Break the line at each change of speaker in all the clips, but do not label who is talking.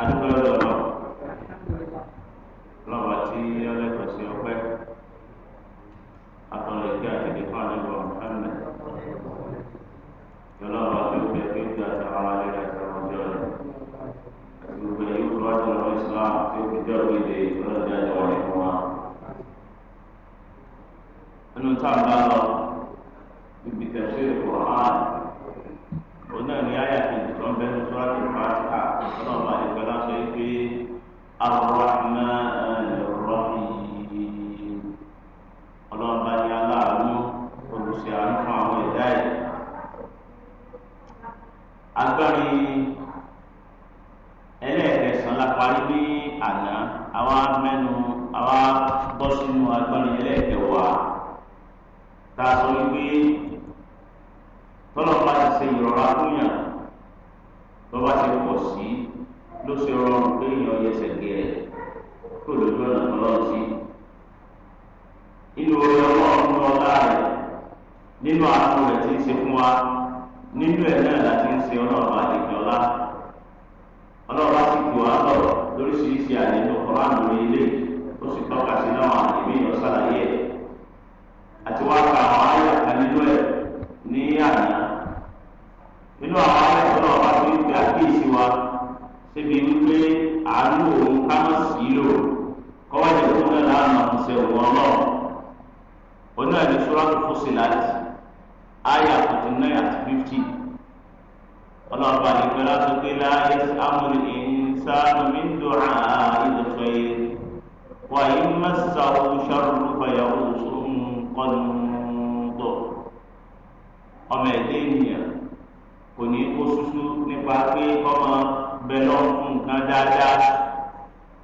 adúgbò lọ́dọ̀ lọ́wọ́ tí ọlẹ́kọ̀ọ́ sí ọpẹ́ àtọ̀lẹ̀ kí àtẹ̀lẹ̀ fún àdúgbò ọ̀hánà yọlọ́wọ́ tí ó bẹ̀ kí ó gbé àtàwọn alẹ́ àtàwọn ọjọ́ rẹ̀ gbogbo ẹ̀yìn kúrò ọjọ́ ọ̀rọ̀ Islam tí ó fi jọ́ gbèdé ìrọ̀lẹ́ ọjọ́ rẹ̀ fún wa. nínú táwọn bá lọ nǹkan dáadáa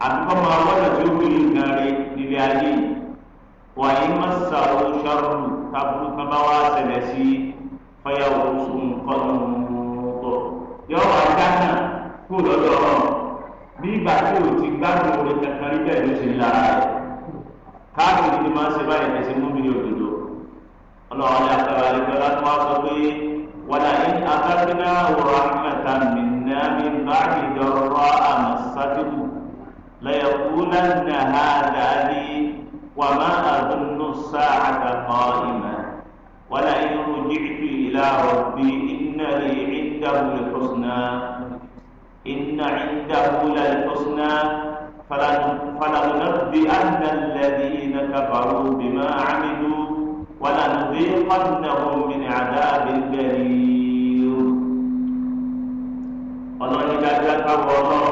àti kọ́ máa wọ́dọ̀ tí ó fi nǹkan rẹ nílé ayé wà ní mọ́sàrò ṣàrùn tábùrù kan bá wá ṣẹlẹ̀ sí fẹ́yàwó sùn kọ́nù tó yọ wà dáná kó lọ́dọ̀ ọ̀rọ̀ bí ìgbà tí o ti gbádùn orin kankan rí bẹ́ẹ̀ ló ṣe lára rẹ̀ káàkiri ni máa ń ṣe báyìí ẹ̀sìn mú mi ní òdodo ọlọ́run ní akẹ́rọ àlejò láti wá sọ pé wàlá ní abẹ́rẹ́ náà wọ̀ ọ́ àmì mi. منا من بعد ضراء مسته ليقولن هذا لي وما أظن الساعة قائمة ولئن رجعت إلى ربي إن لي عنده الحسنى إن عنده للحسنى فلننبئن الذين كفروا بما عملوا ولنذيقنهم من عذاب أليم ọ̀nà onígbàgbà káwọ náà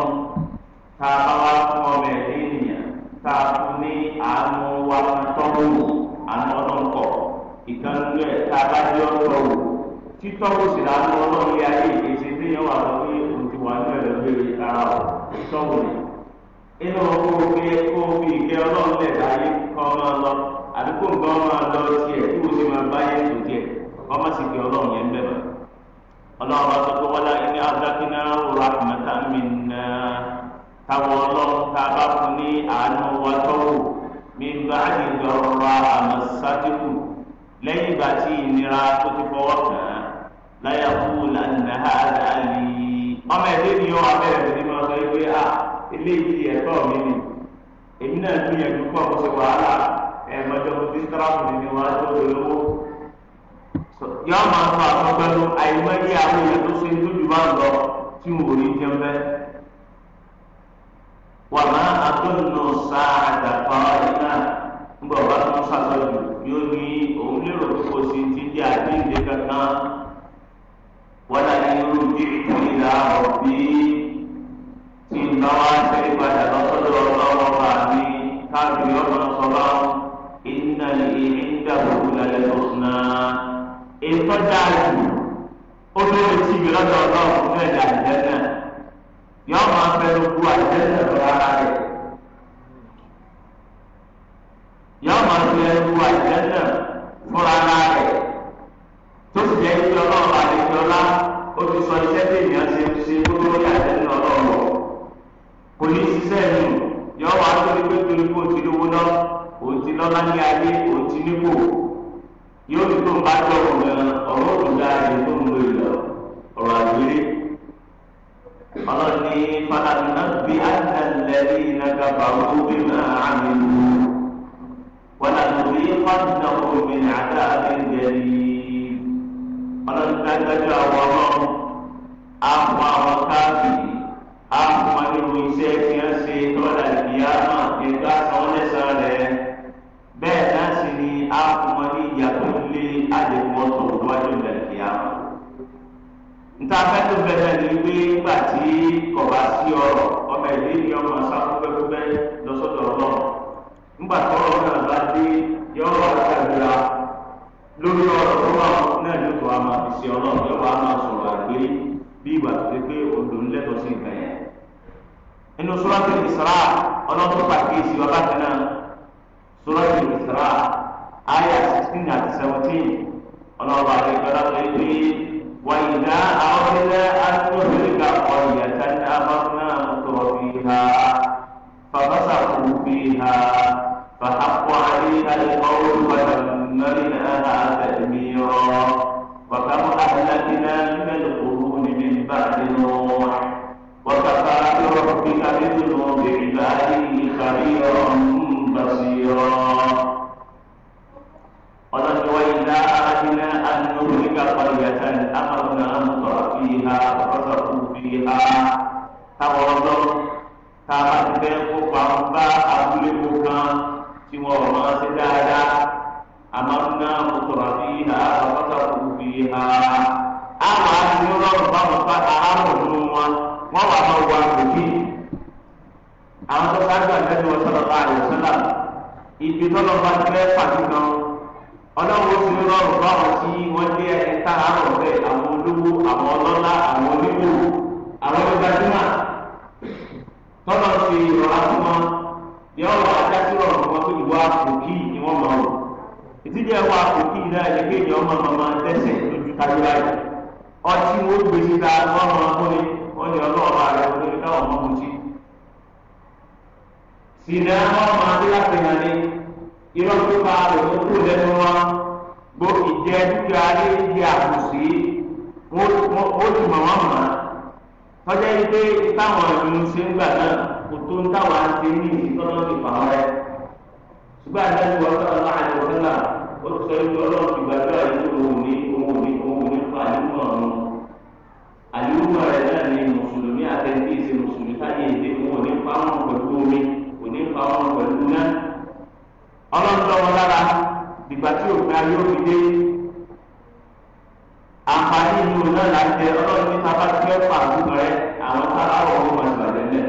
tá a bá wá fún ọmọ ẹ̀ ènìyàn tá a fún ní àánú wa tọ́wò àánú ìkànnì ẹ̀ a bá jẹ́ ọ̀tọ̀wò títọ́wò sì láàánú ọlọ́run yá yé èsì tí yẹn wà lọ́wọ́ òun wà ní ẹ̀rọ lórí ara ọ̀ ni. inú láyé ọmọ lọ àdúgbò ọmọ lọ kí máa báyé tó ọmọ sì yẹn ọlọ́run bá tọ́jú wọ́lá ẹni adákínà rọra mẹ́ta mìíná táwọn ọlọ́run tá a bá fún ní àánú wa tọ́wò mi bá ìjọ rọra àmọ́ sátìkù lẹ́yìn ìgbà tí ìnira tó ti fọwọ́ kàn án láyà fún lànà àdá lè. ọmọ ẹ̀dẹ́ ni ó abẹ́rẹ́ mi ní ma sọ pé a ah, eléyìí ẹ̀tọ́ mi ni èmi náà gbìyànjú pọ̀ kó ṣe wàhálà ẹ̀ẹ̀mọ́jọ́ mo ti sára mi ní wàá tó olówó. ya ọmọ ma àtọ́gbẹ́nu àìmọye àwọn èèyàn tó ṣe tó jù máa ń lọ tí wò ní jẹun bẹ́ẹ̀. wàmà àtọ́nù sáà àdàpọ̀ ọ̀rẹ́ náà ń bọ̀ wá tó tó dáa jù ó lóore tí ìgbélọ́dọ̀ ọlọ́run fún ẹ̀dá àjẹ́ náà yọ̀ọ́ máa bẹ̀rù kú àjẹ́ náà lọ́ra rẹ̀. أحسنوا وكفى بربك بذنوب عباده خبيرا بصيرا قالت وإذا أردنا أن نهلك قرية أمرنا مطر فيها ففسقوا فيها تورطوا تابت بين كفار أهل كفار àwọn ọ̀pá aráàlú nù wọn wọ́n wà máa wà lókè àwọn tó bá gbà lẹ́nu ọ̀sọ̀rọ̀ bá àyè sọ́là ibi tọ́lọ́ bá ti fẹ́ pàdé gan ọlọ́run ó ti rọrùn báwọn tí wọ́n dé ẹni tá àárọ̀ bẹ́ẹ̀ àwọn olówó àwọn ọlọ́lá àwọn onígbò àwọn onígbàdúrà tọ́lọ́ ti rọra fún wọn yọ wọ ajásí rọrùn wọn tó ìwà òkì ni wọ́n máa wọ̀ ìdíje wa òkì náà ẹ̀ẹ́dẹ́gbẹ̀yìn ọmọ màmá tẹ́sẹ̀ lójú kájú láyé ọtí wo gbé síta wọn mọ ọmọdé wọn ní ọlọ́run ààrẹ ọdún ní káwọn ọmọ mọtí sìnà ọmọ adélápẹyà ni irọ́ tó bá rẹ̀ tó kú lẹ́nu wa gbó ìjẹ dúkìá lé ìdí àkùsí wọn ó tún mọ̀ wọ́n mọ̀ tọ́jà yìí pé táwọn ìlú ṣe ń gbà náà kò tó ń táwọn àti ní ìtọ́nà ti fà wọ́n rẹ̀ ṣùgbọ́n àti ẹni wọ́n sọ̀rọ̀ láàrin ọ̀sẹ̀ náà ó sọ ìjọ àlùmọ̀ rẹ̀ náà ni mùsùlùmí àtẹ̀ntì ìṣe mùsùlùmí táyé èdè wọn ò ní pa wọn pẹ̀lú omi kò ní pa wọn pẹ̀lú iná ọlọ́dún wọn lára dìgbà tí òfin ayé òfin dé àǹfààní ìlú náà là ń jẹ ọlọ́run ní sábà tí ó fà àbúrò rẹ àwọn sábà wọ̀ ọ́ wọn ìbàjẹ́ náà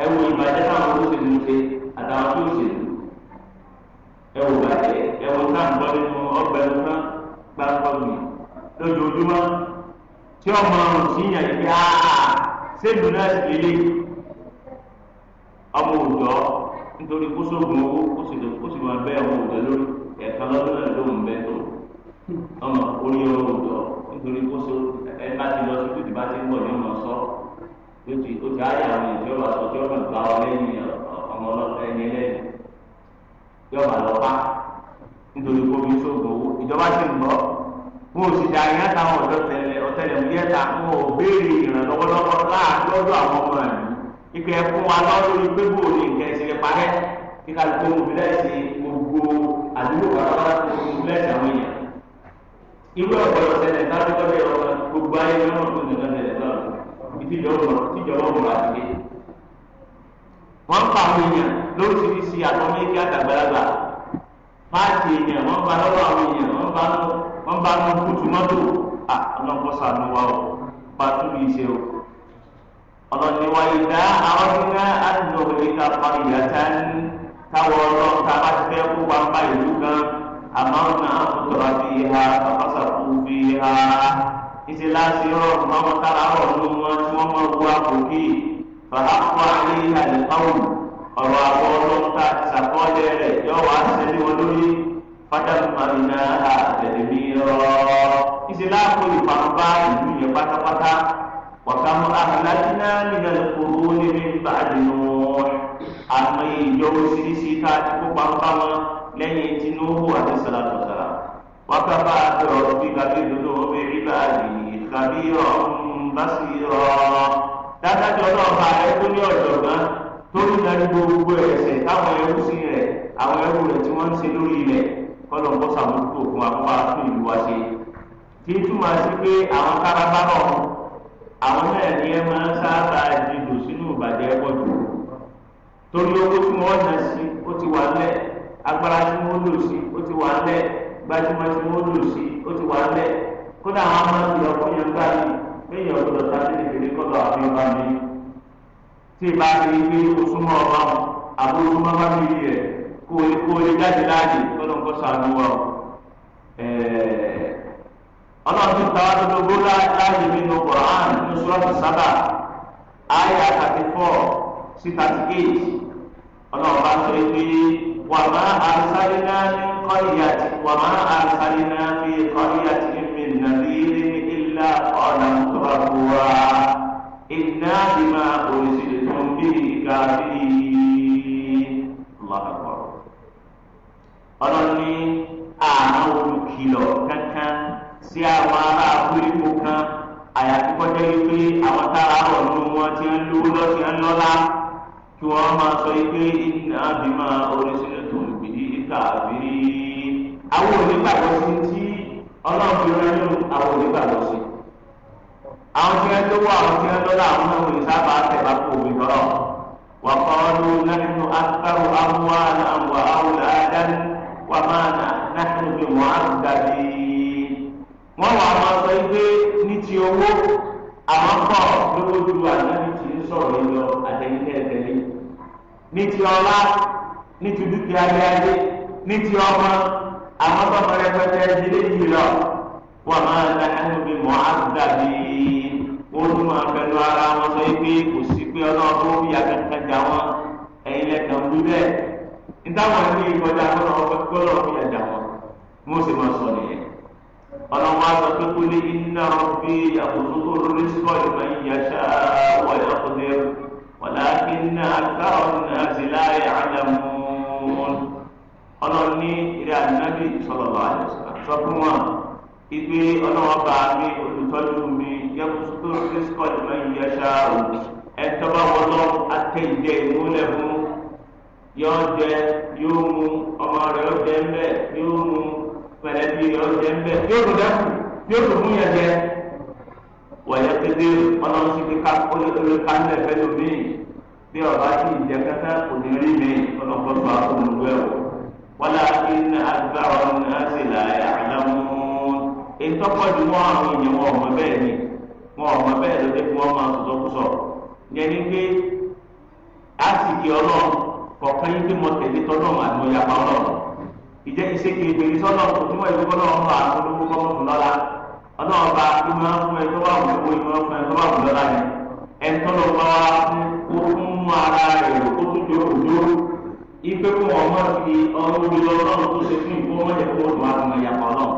ẹ ìbàjẹ́ táwọn olóṣèlú ń ṣe àtàwọn tó ṣèlú ẹ wò bàjẹ́ ẹ wò sáà nínú ọgbẹ́ tí ọmọ ọrùn sí yàn yìí á sẹ́nu náà sì lélẹ̀ ọmọ òòjọ́ nítorí kó sóògùn owó kó sì lè kó sì máa bẹ́ ọmọ òòjọ́ lórí ẹ̀ka lọ́dún náà ló ń bẹ́ tó ọmọ orí ọmọ òòjọ́ nítorí kó so ẹ bá ti lọ sí tó ti bá ti ń bọ̀ ní ọmọ sọ ó ti ó ti á àwọn èèyàn ọba sọ tí ọba gbà ọ lẹ́yìn ọmọ ẹni ẹlẹ́yìn tí ọba lọ bá nítorí kó fi sóògùn owó ìjọba ti ń bọ̀ wọn ò sì dá iná táwọn ọ̀dọ́ tẹ̀lé ọ̀tẹlẹ̀múyẹ́ ta wọn ò béèrè ìrànlọ́wọ́ lọ́wọ́ lọ́dọ̀ àwọn ọmọ rẹ̀ ìpè fún wa lọ́dún ní pé bóò ní nǹkan ẹ̀sìn rẹ̀ parẹ́ kí kálukú òmùbílẹ̀sì gbogbo àdúgbò pàápàá òmùbílẹ̀sì àwọn èèyàn irú ọ̀pọ̀lọpọ̀ tẹ̀lẹ̀ tábìlọ́ bẹ̀rẹ̀ ọ̀rọ̀ gbogbo ayé ni wọ́n tún nìkan tẹ̀lẹ̀ náà ìtìjọba ọ̀rọ̀ àti ké wọ́n ń pa àwọn èèyàn lóríṣiríṣi àtọ́mẹ́kẹ́ àtàgbàlagbà fáàtì èèyàn bá wọn bá wọn kútu mọ́tò à ọlọ́pọ̀ sànù wa o bá tún lè ṣe o. ọlọ́ni wa àwọn tí wọ́n á lò ní ká pa ìyá tá ń táwọn ọlọ́run tá a ti fẹ́ kó wa bá ìlú kan àmọ́ náà ń tọ́ra bí i ha ọ̀pọ̀sà kú bí i ha. ìṣe láti rọrùn máa wọn tára rọrùn ní wọn tí wọ́n máa wú àpòkì fàákùn àlè àlè káwọn ọ̀rọ̀ àwọn ọlọ́run tá rẹ̀ yọ fájàlùmọ́nà àtẹ̀lẹ́mí rọ. ìṣe láàbò ìpàmùbá ìlú yẹn pátápátá wàkàmù àhàlàjìnà nìyẹn kúrú níbi ìbàdìnnú àmọ́ ìjọ oṣìṣì tá a ti kó pàmùbá wọn lẹ́yìn tinubu àti sàlàtù sàlà. wákàbà àbẹ̀rọ̀ bí kàbí dodo omi ìbàdì kàbí ọ̀nbàṣì rọ. dájájọ́ náà bá ẹ tó ní ọ̀jọ̀gbọ́n tó ní dájú gbogbo ẹ̀ṣẹ̀ táwọn ẹrú sí rẹ̀ àwọn ẹrú rẹ̀ tí wọ́n ń ṣe lórí ilẹ̀ kọ́lọ̀ ń bọ́ sàmójútó fún wa fún ìlú wa ṣe kí túmọ̀ sí pé àwọn kárábá náà àwọn náà ni ẹ máa ń sáábà dìbò sínú ìbàjẹ́ pọ̀ torí owó tí wọ́n nà sí ó ti wà lẹ̀ agbára tí wọ́n lò sí ó ti wà gbajúmọ̀ tí wọ́n lò sí ó ti wà kódà àwọn T'i lọ fún yẹn gbọdọ̀ o kóore kóore jáde láàyè tọ́lọ́ nǹkan sànù wa o ọlọ́run ti tàwa dodogbo láàyè nínú Quran ní sọ́ọ̀tì sábà àyà thirty four sí thirty eight ọlọ́run bá sọ pé wà má àrísáré náà ní kọ́ríyà tí wà má àrísáré náà ní kọ́ríyà tí mi nàbíyé ní ilá ọ̀nà tó bá bu wa iná bí máa òrìṣì tó ń bí ìgbà bí. ọlọ́run ní àwọn olùkìlọ̀ kankan sí àwọn ará abúlékò kan àyàfi kọjá wípé àwọn tára rọ̀ nínú wọn ti ń lówó lọ́ ti ń lọ́lá kí wọ́n máa sọ wípé iná bí oríṣiríṣi tó ń bì í kàbí. àwọn onígbàgbọ́ sí tí ọlọ́run fi àwọn onígbàgbọ́ sí. àwọn tí wọ́n lówó àwọn tí wọ́n lọ́lá àwọn náà wòlé sábà tẹ̀lá kó omi lọ́rọ̀. wàá kọ́ ọdún náà nínú akẹ́kọ̀ọ́ àwọn àwọn àwọn àwọn àwọn àwọn Wa máa nà náà ju wà á máa sọ pé ní ti owó àwọn lówó ju ànábi tí ń sọ̀rọ̀ yìí lọ àtẹnitẹ́tẹ́lẹ́. ní ti ọlá ní ti dúkìá bí ayé ní ti ọmọ àwọn tó ìdílé yìí lọ máa ara wọn sọ pé kò sí pé ọlọ́run ìtàwọn ẹni ìkọjá gbọ́dọ̀ fi ẹ̀dá wọn mo sì máa sọ nìyẹn ọlọ́wọ́ aṣọ tó kú ní iná bí àkóso tó lórí sọ́ọ̀lù máa ń yàṣà wọ́n yà kó dé wàláàkì náà káwọn náà sì láàyè àdàmú ọlọ́ọ̀ni ìrẹ́ ànábì sọlọ́lọ́ àdàsọ́ sọ fún wọn ìgbé ọlọ́wọ́ bá mi olùtọ́jú mi yẹ kó tó lórí sọ́ọ̀lù máa ń yàṣà ẹ̀tọ́ bá wọlọ́ àtẹ̀yẹ́ yóò jẹ yóò mu ọmọ rẹ yóò jẹ mbẹ bẹ yóò mu yóò jẹ ń yóò dẹkù yóò jẹ wọlé pété Ọlọ́run sì ti kánlẹ bí ọba jẹ kẹkẹ kò ya rí mi Ọlọ́run bá o wọlé iná àgbà Ọlọ́run náà sì là ìtọpọdù wọn àwọn èèyàn wọn ọmọ ni kọ̀ọ̀kan yín pé mo tẹ̀lé tọ́lọ́mù àti mo yàgbá ọlọ́run ìjẹ́ iṣẹ́ kejìlélẹ́ sọ́lọ́mù tó túmọ̀ ìlú kọ́lọ́mù fún àwọn olówó kọ́mọ̀tò lọ́la ọlọ́run bá ìmọ̀ fún ẹ tó wà wù owó ìmọ̀ fún ẹ tó wà wù lọ́la ni ẹ tọ́lọ́ bá wá fún ó fún mú ara rẹ̀ ó tún jẹ òjò ipe kó wọn mọ̀ sí ọlọ́run lọ́rùn tó ṣe fún ìfowópamọ́jẹ̀ kó wọn máa mọ ìyàpọ̀ náà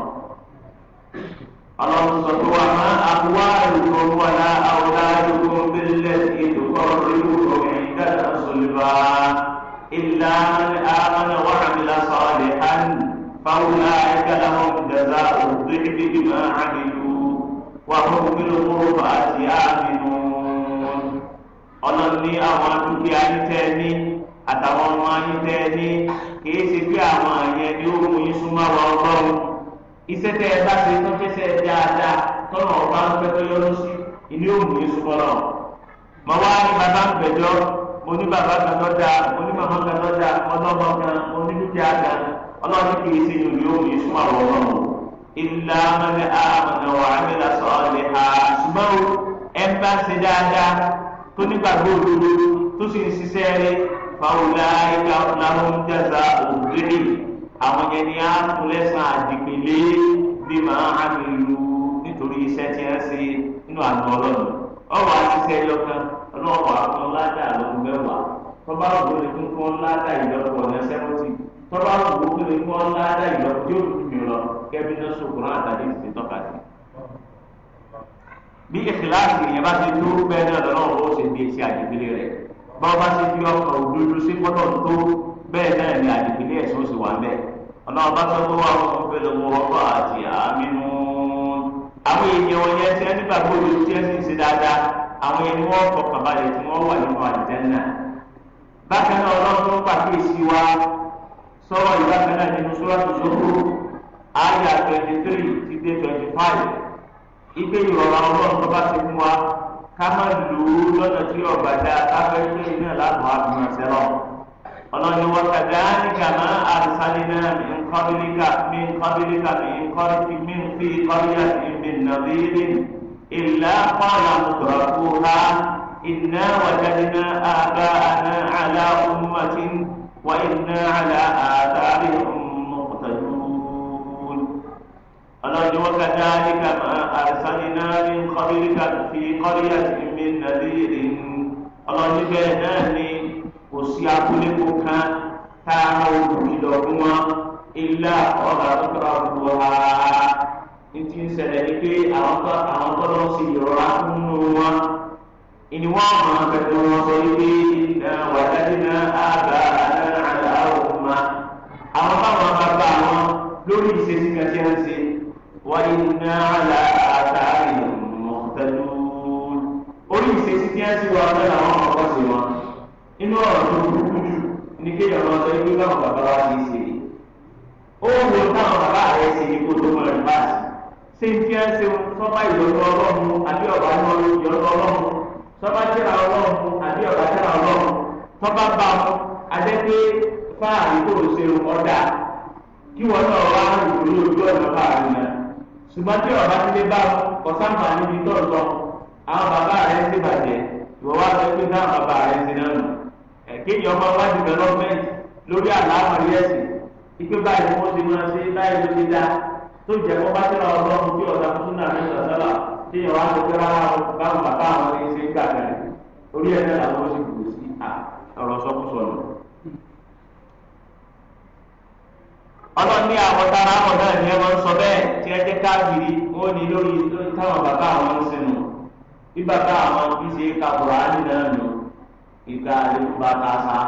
ọlọ́run sọ pé wà má àbúwá ìrùkọ̀ wà lá àwòrán ìrùkọ̀ bẹ́ẹ̀ lẹ́sìn ètò kọ́ orí ìrùkọ̀ ẹ̀yìn sọ̀lẹ̀ bá a. إلا من آمن وعمل صالحا فأولئك لهم جزاء الضعف بما عملوا وهم بالغربات آمنون ọlọ́ni àwọn dúkìá ní tẹ́ni àtàwọn ọmọ tẹ́ni kìí ṣe pé àwọn àyẹn ni ó mú yín súnmọ́ ọlọ́run iṣẹ́ tẹ́ ẹ bá ṣe tó fẹsẹ̀ dáadáa tọ́nà ọba ń tó sí oníbàbá kan lọ́jà onímọ̀mọ́ kan lọ́jà ọlọ́mọ kan onídúkìá kan ọlọ́run kì í ṣe ìrìn òun yìí súnmọ́ àwọn ọlọ́run ìlà mẹ́lẹ́ àmọ̀nà wà á nílà sọ ọ́lẹ̀ ha ṣùgbọ́n ẹ bá ṣe dáadáa tó nígbàgbọ́ òdodo tó sì ń ṣiṣẹ́ rẹ fàwùlà ìka làwọn ń jàzà òdòdó àwọn yẹn ni á kú lẹ́sàn àdìgbélé bí màá hàmìlú nítorí iṣẹ́ tí ẹ ṣe nínú àná ọlọ́run ọ̀wọ́ àṣìṣe ẹyọ kan ọlọ́wọ́ àpò ládà lọ́dún mẹ́wàá tọ́ba ògbó ni kí wọ́n ládà ìlọ́pọ̀ ní sẹ́wọ́tì tọ́ba ògbó ni kí wọ́n ládà ìlọ́pọ̀ yóò dùn mí lọ kẹ́bí náà sọ̀kùnrin àtàdé ti tọ́ka sí. bí ìkìláàsì yẹn bá ti dúró bẹ́ẹ̀ náà lọ́wọ́ ó ṣe bí iṣẹ́ àdìgbélé rẹ̀ bá wọ́n bá ti fi ọkọ̀ òdodo sí gbọ́dọ̀ tó bẹ́ẹ̀ náà ni àdìgbélé ẹ̀sìn ó sì wà bẹ́ẹ̀ ọlọ́wọ́ bá sọ pé wà wọ́n fẹ́ lọ́wọ́ ọkọ̀ àti àmínú àwọn èèyàn wọn yẹn ti ẹni gbàgbọ́ òdodo tí ẹ sì àwọn ẹni wọ́n fọkàn balẹ̀ tí wọ́n wà nínú àlùjánnà bákan náà ọlọ́run tó ń pàkíyèsí wa sọ̀rọ̀ ìbákan náà nínú sọ́ràtù sọ́kù àyà twenty three ti dé twenty five ipe ìrọ̀rọ̀ ọlọ́run tó bá ti fún wa ká má lò ó lọ́nà tí ọ̀gbà dá káfẹ́ tó yẹ náà láàbọ̀ àbùmọ̀ sẹ́lọ̀ ọlọ́run wọn kàdá nígbà máa àrùsálẹ̀ náà ní nkọ́bílíkà ní nkọ́bílíkà ní nkọ́bílíkà ní nkọ́bílíkà ní nkọ́bílíkà ní إلا قال مترفوها إنا وجدنا آباءنا على أمة وإنا على آثارهم مقتدون ألج وكذلك ما أرسلنا من قبلك في قرية من نذير ألج بيناني وسيأكلكم كان تعمل في دوما إلا قال مترفوها ntí ń ṣẹlẹ̀ ni pé àwọn tó àwọn tó lọ sí ìrora nínú wọn ìní wọn mọ akẹkọọ wọn sọ yìí pé wà jáde náà àgbà àdáná àdá òkú ma àwọn báwọn bá bá wọn lórí ìṣesí kan tí wọn ṣe wà iná àlà àtàrí mọ̀tẹ́lú orí ìṣesí tí wọn ṣe wà lọ́nà àwọn ọkọ̀ sí wọn inú ọ̀rọ̀ tó burúkú jù ní kéèyàn máa sọ yìí báwọn bàbá wa ti ṣe ó wọ táwọn bàbá rẹ ṣe ní kó tó mọ̀ rẹ̀ báyìí ṣé tí ẹ ṣe sọ́ba ìlọ́dún ọlọ́run àbí ọ̀bá ní ìlọ́dún ọlọ́run sọ́ba tíra ọlọ́run àbí ọ̀bá tíra ọlọ́run sọ́ba bá mu adẹ́gbẹ́ fáàrí tó ṣe ọ̀dà kí wọ́n náà wá ìwé ojú ọ̀nà fáàrí náà ṣùgbọ́n tí ọ̀bá ti lé bá ọ̀sánmà níbi tó ń lọ àwọn bàbá rẹ̀ ti bàjẹ́ ìwọ wá sọ pé náà bàbá rẹ̀ ti náà nù ẹ̀kejì ọmọ wá development lórí àlàáfàá yẹ̀sì ìpínlẹ̀ báyìí wọ́n ti máa ṣe báyìí ló ti dáa tó jẹ kó bá tẹ̀lé ọlọ́run bí ọ̀dà tuntun náà ní sọ̀tọ́là tí ìwà ti tẹ́ báwọn bàbá àwọn ẹni ṣe gbà orí ẹ̀ náà làwọn sì sí ọ̀rọ̀ lọ. ọlọ́run ní ni ẹ máa ń sọ bẹ́ẹ̀ tí ẹ jẹ́ káàkiri ó ní lórí táwọn bàbá àwọn ń sinmi bí bàbá àwọn kì ṣe ìgbà ṣe máa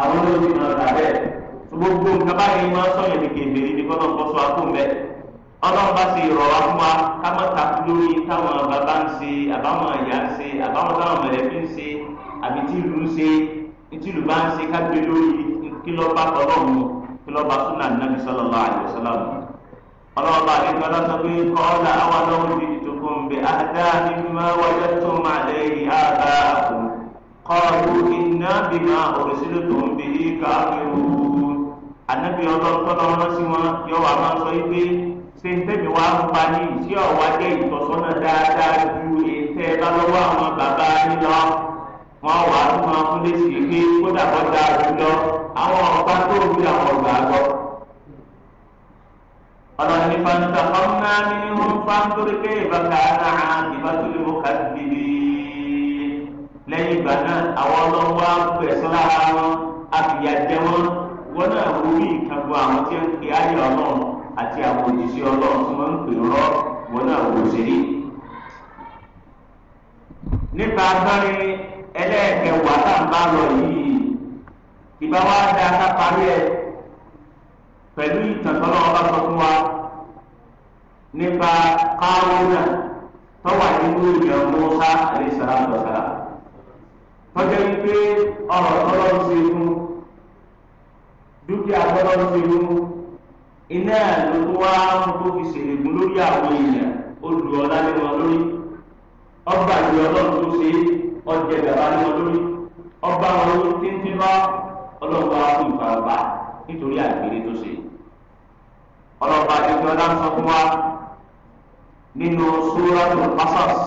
àwọn olóògbé máa gbà bẹ́ẹ̀ gbogbo nǹkan báyìí máa sọ̀yìn ní kébèrè ní kọ́nà kọ́sọ́ àkóńbẹ́ ọlọ́run bá ṣe ìrọ̀rọ̀ fún wa ká má takú lórí táwọn bàbá ń ṣe àbáwọn ìyá ń ṣe àbáwọn táwọn mẹ̀lẹ́bí ń ṣe àbí tí ìlú ń ṣe tí ìlú bá ń ṣe ká gbé lórí kí lọ́ọ́ bá tọ́lọ́run kí lọ́ọ́ bá súnà nàbì sallallahu alaihi wasallam pé kọ́ọ́lá àwọn ọlọ́run ti dìtò bẹ́ẹ̀ àdá máa wáyé tó máa lẹ́yìn àbá àkùn qalu inna bima ursiltum bihi kafirun ànábì ọlọ́tọ́lọ́ wọn sí wọn yọ wà máa sọ yí pé ṣé ń tẹ̀mí wá ń pa ní ìṣe ọ̀wá jẹ́ ìtọ́sọ́nà dáadáa ju ètè lọ́wọ́ àwọn bàbá yín lọ wọn wà á tún máa fún lẹ́sì pé kódà kọ́ da àwùjọ àwọn ọba tó ń gbé àwọn ọgbà lọ. ọlọ́ni fanta ni wọ́n fá ń torí pé ìbáka náà ìbátúlẹ̀ mọ́kàdínlẹ́lẹ́ lẹ́yìn ìgbà náà àwọn ọlọ́wọ́ pẹ̀sán lára wọn àfìyàjẹ wọn wọn náà wúrí ìkàgbọ́ àwọn tí ń pe ayé ọlọ́run àti àwọn òjìṣẹ́ ọlọ́run tí wọ́n ń pè rọ́ wọn náà wò sírí. nípa agbárin ẹlẹ́ẹ̀kẹwàá tá n bá lọ yìí ìbá wa da ká parí ẹ pẹ̀lú ìtàn tọ́lọ́ ọba sọ fún wa nípa káwọn náà tọ́wà nínú ìjọ mọ́sá àdéṣàlá ọ̀sàlá tọ́jọ́ wípé ọ̀rọ̀ tọ́lọ́ ń ṣe mú dúkìá tọ́lọ́ ń ṣe mú iná ló tó wá fún tó fi ṣèlégún lórí àwọn èèyàn olù ọ̀la lé wọn lórí ọgbà ìwé ọlọ́run tó ṣe ọjà ìdàbà lé wọn lórí ọba wọn ló ti ń tẹ́lá ọlọ́run wá fún ìfarapa nítorí àgbèrè tó ṣe ọlọ́ba àdéhùn ọlá ń sọ fún wa nínú suratul Qasas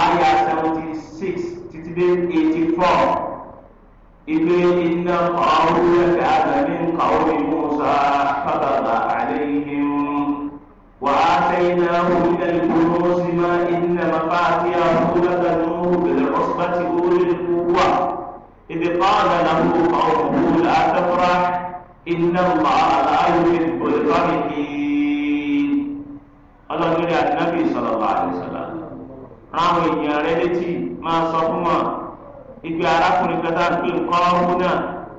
àyà seventy six. إذ إن قارون كان من قوم موسى فبغى عليهم وآتيناه من الكنوز ما إن مفاتيحه لتنوه بالعصبة أولي القوة إذ قال له قومه لا تفرح إن الله لا يحب الفرحين. الله يقول النبي صلى الله عليه وسلم ráwọn èèyàn rẹ létí máa sọ fún wọn ìgbé arákùnrin kẹta ń nǹkan ọ̀hún náà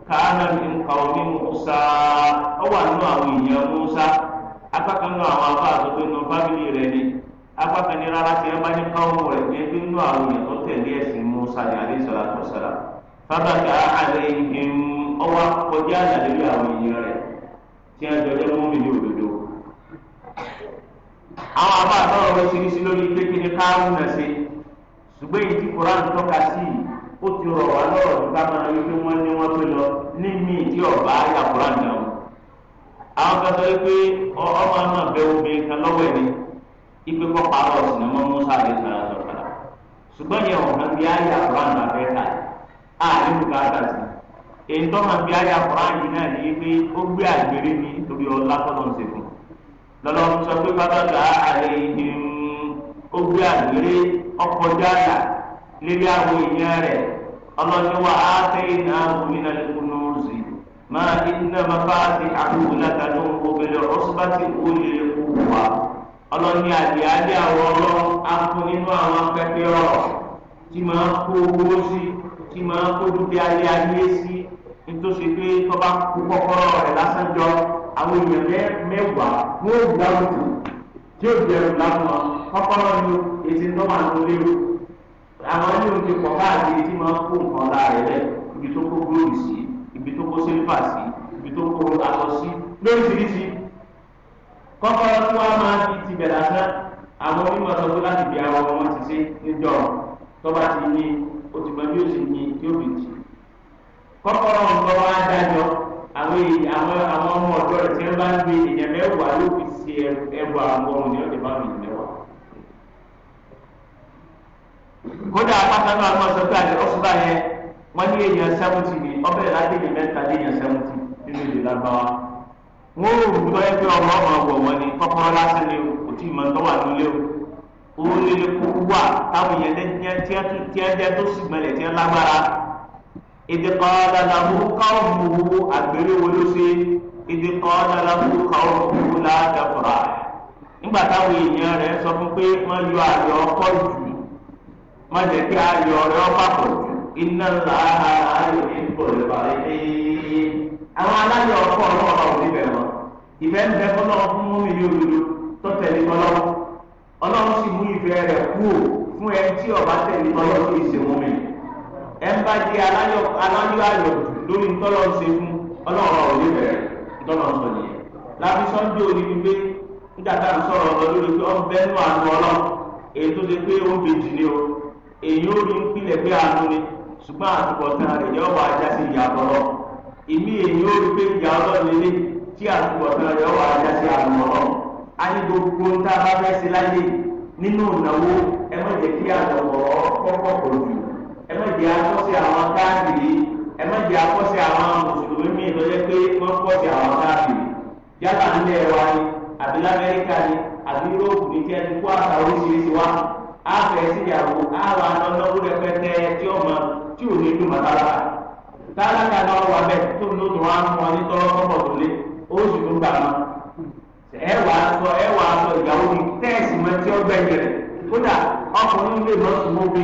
káánà ní nǹkan òní Musa ó wà nínú àwọn èèyàn Musa apákan nínú àwọn afọ àtọ́jú nínú fámìlì rẹ ni apákan ní rárá tí ẹ bá ní káwọn rẹ ní ẹbí nínú àwọn èèyàn tó tẹ̀lé ẹ̀sìn Musa ní alẹ́ ìsọ̀rọ̀ àtọ̀sọ̀rọ̀ fábàkà àlẹ́ ìhìn ọwọ́ kọjá àlàlẹ́ àwọn èèyàn rẹ tí ẹ jọjọ́ mú mi ní òdodo. àwọn àbá àtọ́rọ̀ ọrụ ti rí sí lórí pé kí ni káwọn náà ṣe ṣùgbọ́n èyí tí koran tọ́ka sí ó ti rọ̀ wá lọ́rọ̀ nípa máa rí pé wọ́n ní wọ́n tó lọ ní mí tí ọ̀bá yà koran náà àwọn kan sọ ọmọ náà bẹ obìnrin kan lọ́wọ́ ẹ̀ ní ipe kọ́ parọ́ ọ̀sìn sọ̀rọ̀ ṣùgbọ́n yẹn koran náà lọ́lọ́run sọ pé bàbá àlẹ́ ìhìn ó gbé àgbèrè ọkọjá àlà lílé àwọn èèyàn rẹ̀ ọlọ́ni wa á fẹ́ iná gómìnà lẹ́kùnú rùsì máa iná mafáàtì àbúrò látàdó obìnrin ọ̀sùbàtì òye lẹ́kùnú wa ọlọ́ni àdìádé àwọn ọlọ́run á fún nínú àwọn pẹ́pẹ́ ọ̀rọ̀ tí máa kó owó sí tí máa kó dúkìá lé ayé sí nítòsí pé tọ́ba kú kọ́kọ́rọ́ rẹ̀ lásán jọ àwọn èèyàn mẹ́wàá wọ́n ó gbà wọ́n tó tí ó bẹ̀rù lápò kọ́kọ́rọ́ ni èsì tó máa tó lérò àwọn ilé oúnjẹ pọ̀ káàkiri tí máa ń kó nǹkan láàrẹ̀ rẹ̀ ibi tó kó góòlù sí ibi tó kó sílífà sí ibi tó kó aṣọ sí lóríṣiríṣi kọ́kọ́rọ́ tí wọ́n máa fi ti bẹ̀rẹ̀ asán àwọn onímọ̀ sọ pé láti bí àwọn ọmọ ti ṣe níjọ́ tọ́ba ti ní o ti mọ bí o ṣe ní tí fi jì kọ́kọ́rọ́ nǹkan wá dájọ́ àwọn àwọn àwọn ọmọ ọ̀dọ́ rẹ̀ tí wọ́n bá ń gbé èèyàn mẹ́wàá yóò fi ṣe ẹbọ àwọn ọmọ ní ọ̀dẹ̀ báwọn èèyàn mẹ́wàá. kódà apáta náà wọ́n sọ pé àti ọ̀ṣun báyẹn wọ́n ní èèyàn sẹ́wọ́ntì ni ọbẹ̀ láti èèyàn mẹ́ta dé èèyàn sẹ́wọ́ntì nínú ìlú lágbáwá. ò ọmọ ọmọ ìdíkọ́ọ́dà làwọn káwọ́mùhù àgbèrè wo ló ṣe ìdíkọ́ọ́dà làwọn káwọ́mùhù làádàfọ̀rà nígbà táwọn èèyàn rẹ̀ sọ fún pé wọ́n yọ àyọ̀ ọkọ̀ jù wọ́n jẹ́ kí àyọ̀ rẹ̀ ọkọ̀ pọ̀ jù iná ńlá ayọ̀ ní ìkọlẹ̀bà rẹ̀ mú mi ní tó tẹ̀lé ọlọ́run sì mú ìfẹ́ rẹ̀ fún ẹ tí ọba tẹ̀lé ẹ ń bá di aláyọ̀ aláyọ̀ ayọ̀ lórí ntọ́lọ́ ṣe fún ọlọ́run ò lè bẹ̀rẹ̀ ntọ́lọ́ sọ nìyẹn láti sọ́njẹ́ òní wípé nígbà à ń sọ̀rọ̀ ọ̀rọ̀ lórí pé ọ̀n bẹ́nu àánú ọlọ́run èyí tó ṣe pé ó ń bèjì ni o èyí ó ní pínlẹ̀ pé àánú ni ṣùgbọ́n àtúbọ̀tán rẹ̀ yọ wà ajá sí ìyá ọlọ́ ìmí èyí ó rí pé ìyá ọlọ́run lélẹ̀ tí àtúbọ̀tán rẹ̀ yọ wà ajá sí àánú ọlọ́run a ní gbogbo ń tá a bá fẹ́ ṣe láyé ẹ má jẹ́ akọ́sí àwọn káàkiri ẹ má jẹ́ akọ́sí àwọn mùsùlùmí mi lọ́jọ́ pé wọ́n si àwọn káàkiri yálà nílẹ̀ wa ni àbí lamẹ́ríkà ni àbí yúróòpù ni tí ti kó àṣà oríṣiríṣi wa á síyàwó rẹpẹtẹ tí ó mọ tí ò ní dùn tálákà náà wà tó ní wa tọrọ tó lé oṣù tó gbà sọ sọ ìyàwó mi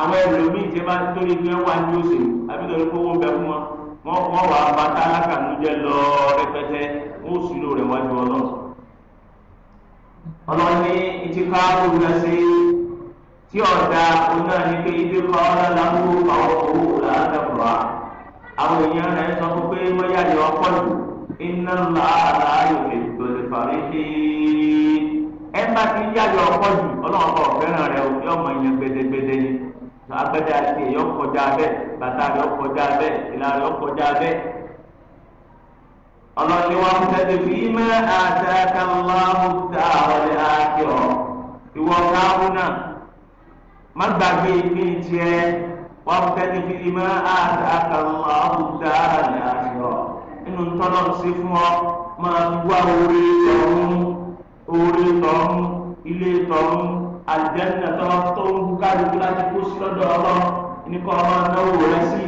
àwọn ẹlòmíì tí máa ń torí pé wà ní òṣèlú àbí bẹ fún wọn wọn wà á bá tálákà jẹ lọ rẹpẹtẹ wọn ò sì lò rẹ wájú Ọlọ́run Ọlọ́run ìtìká olùdá sí tí ọ̀dà ní pé ibi kọ́ ọlọ́láwó owó àwọn èèyàn rẹ̀ sọ fún pé jù iná ńlá fàrí ní bá ti jù kọ̀ fẹ́ràn rẹ̀ òbí ọmọ ìyẹn gbẹdẹgbẹdẹ ni. agbada ti èyí ọkọjá abẹ bàtà rẹ ọkọjá abẹ ìlà rẹ ọkọjá abẹ ọlọ́ni wa fẹ́ẹ́ fi mẹ́ àtàkà láàmú tá a wọlé àti ọ ìwọ káwọn náà má gbàgbé ìpín tiẹ wa fẹ́ẹ́ fi mẹ́ àtàkà láàmú tá a wọlé àti ọ inú tọ́lọ̀ sí fún ọ máa wá orí tọ̀hún orí tọ̀hún ilé tọ̀hún àlùjẹ́nà tó tó ń bu káàdùkú láti kó sí lọ́dọ̀ ọlọ́ ní kọ́ ọmọ náwó rẹ sí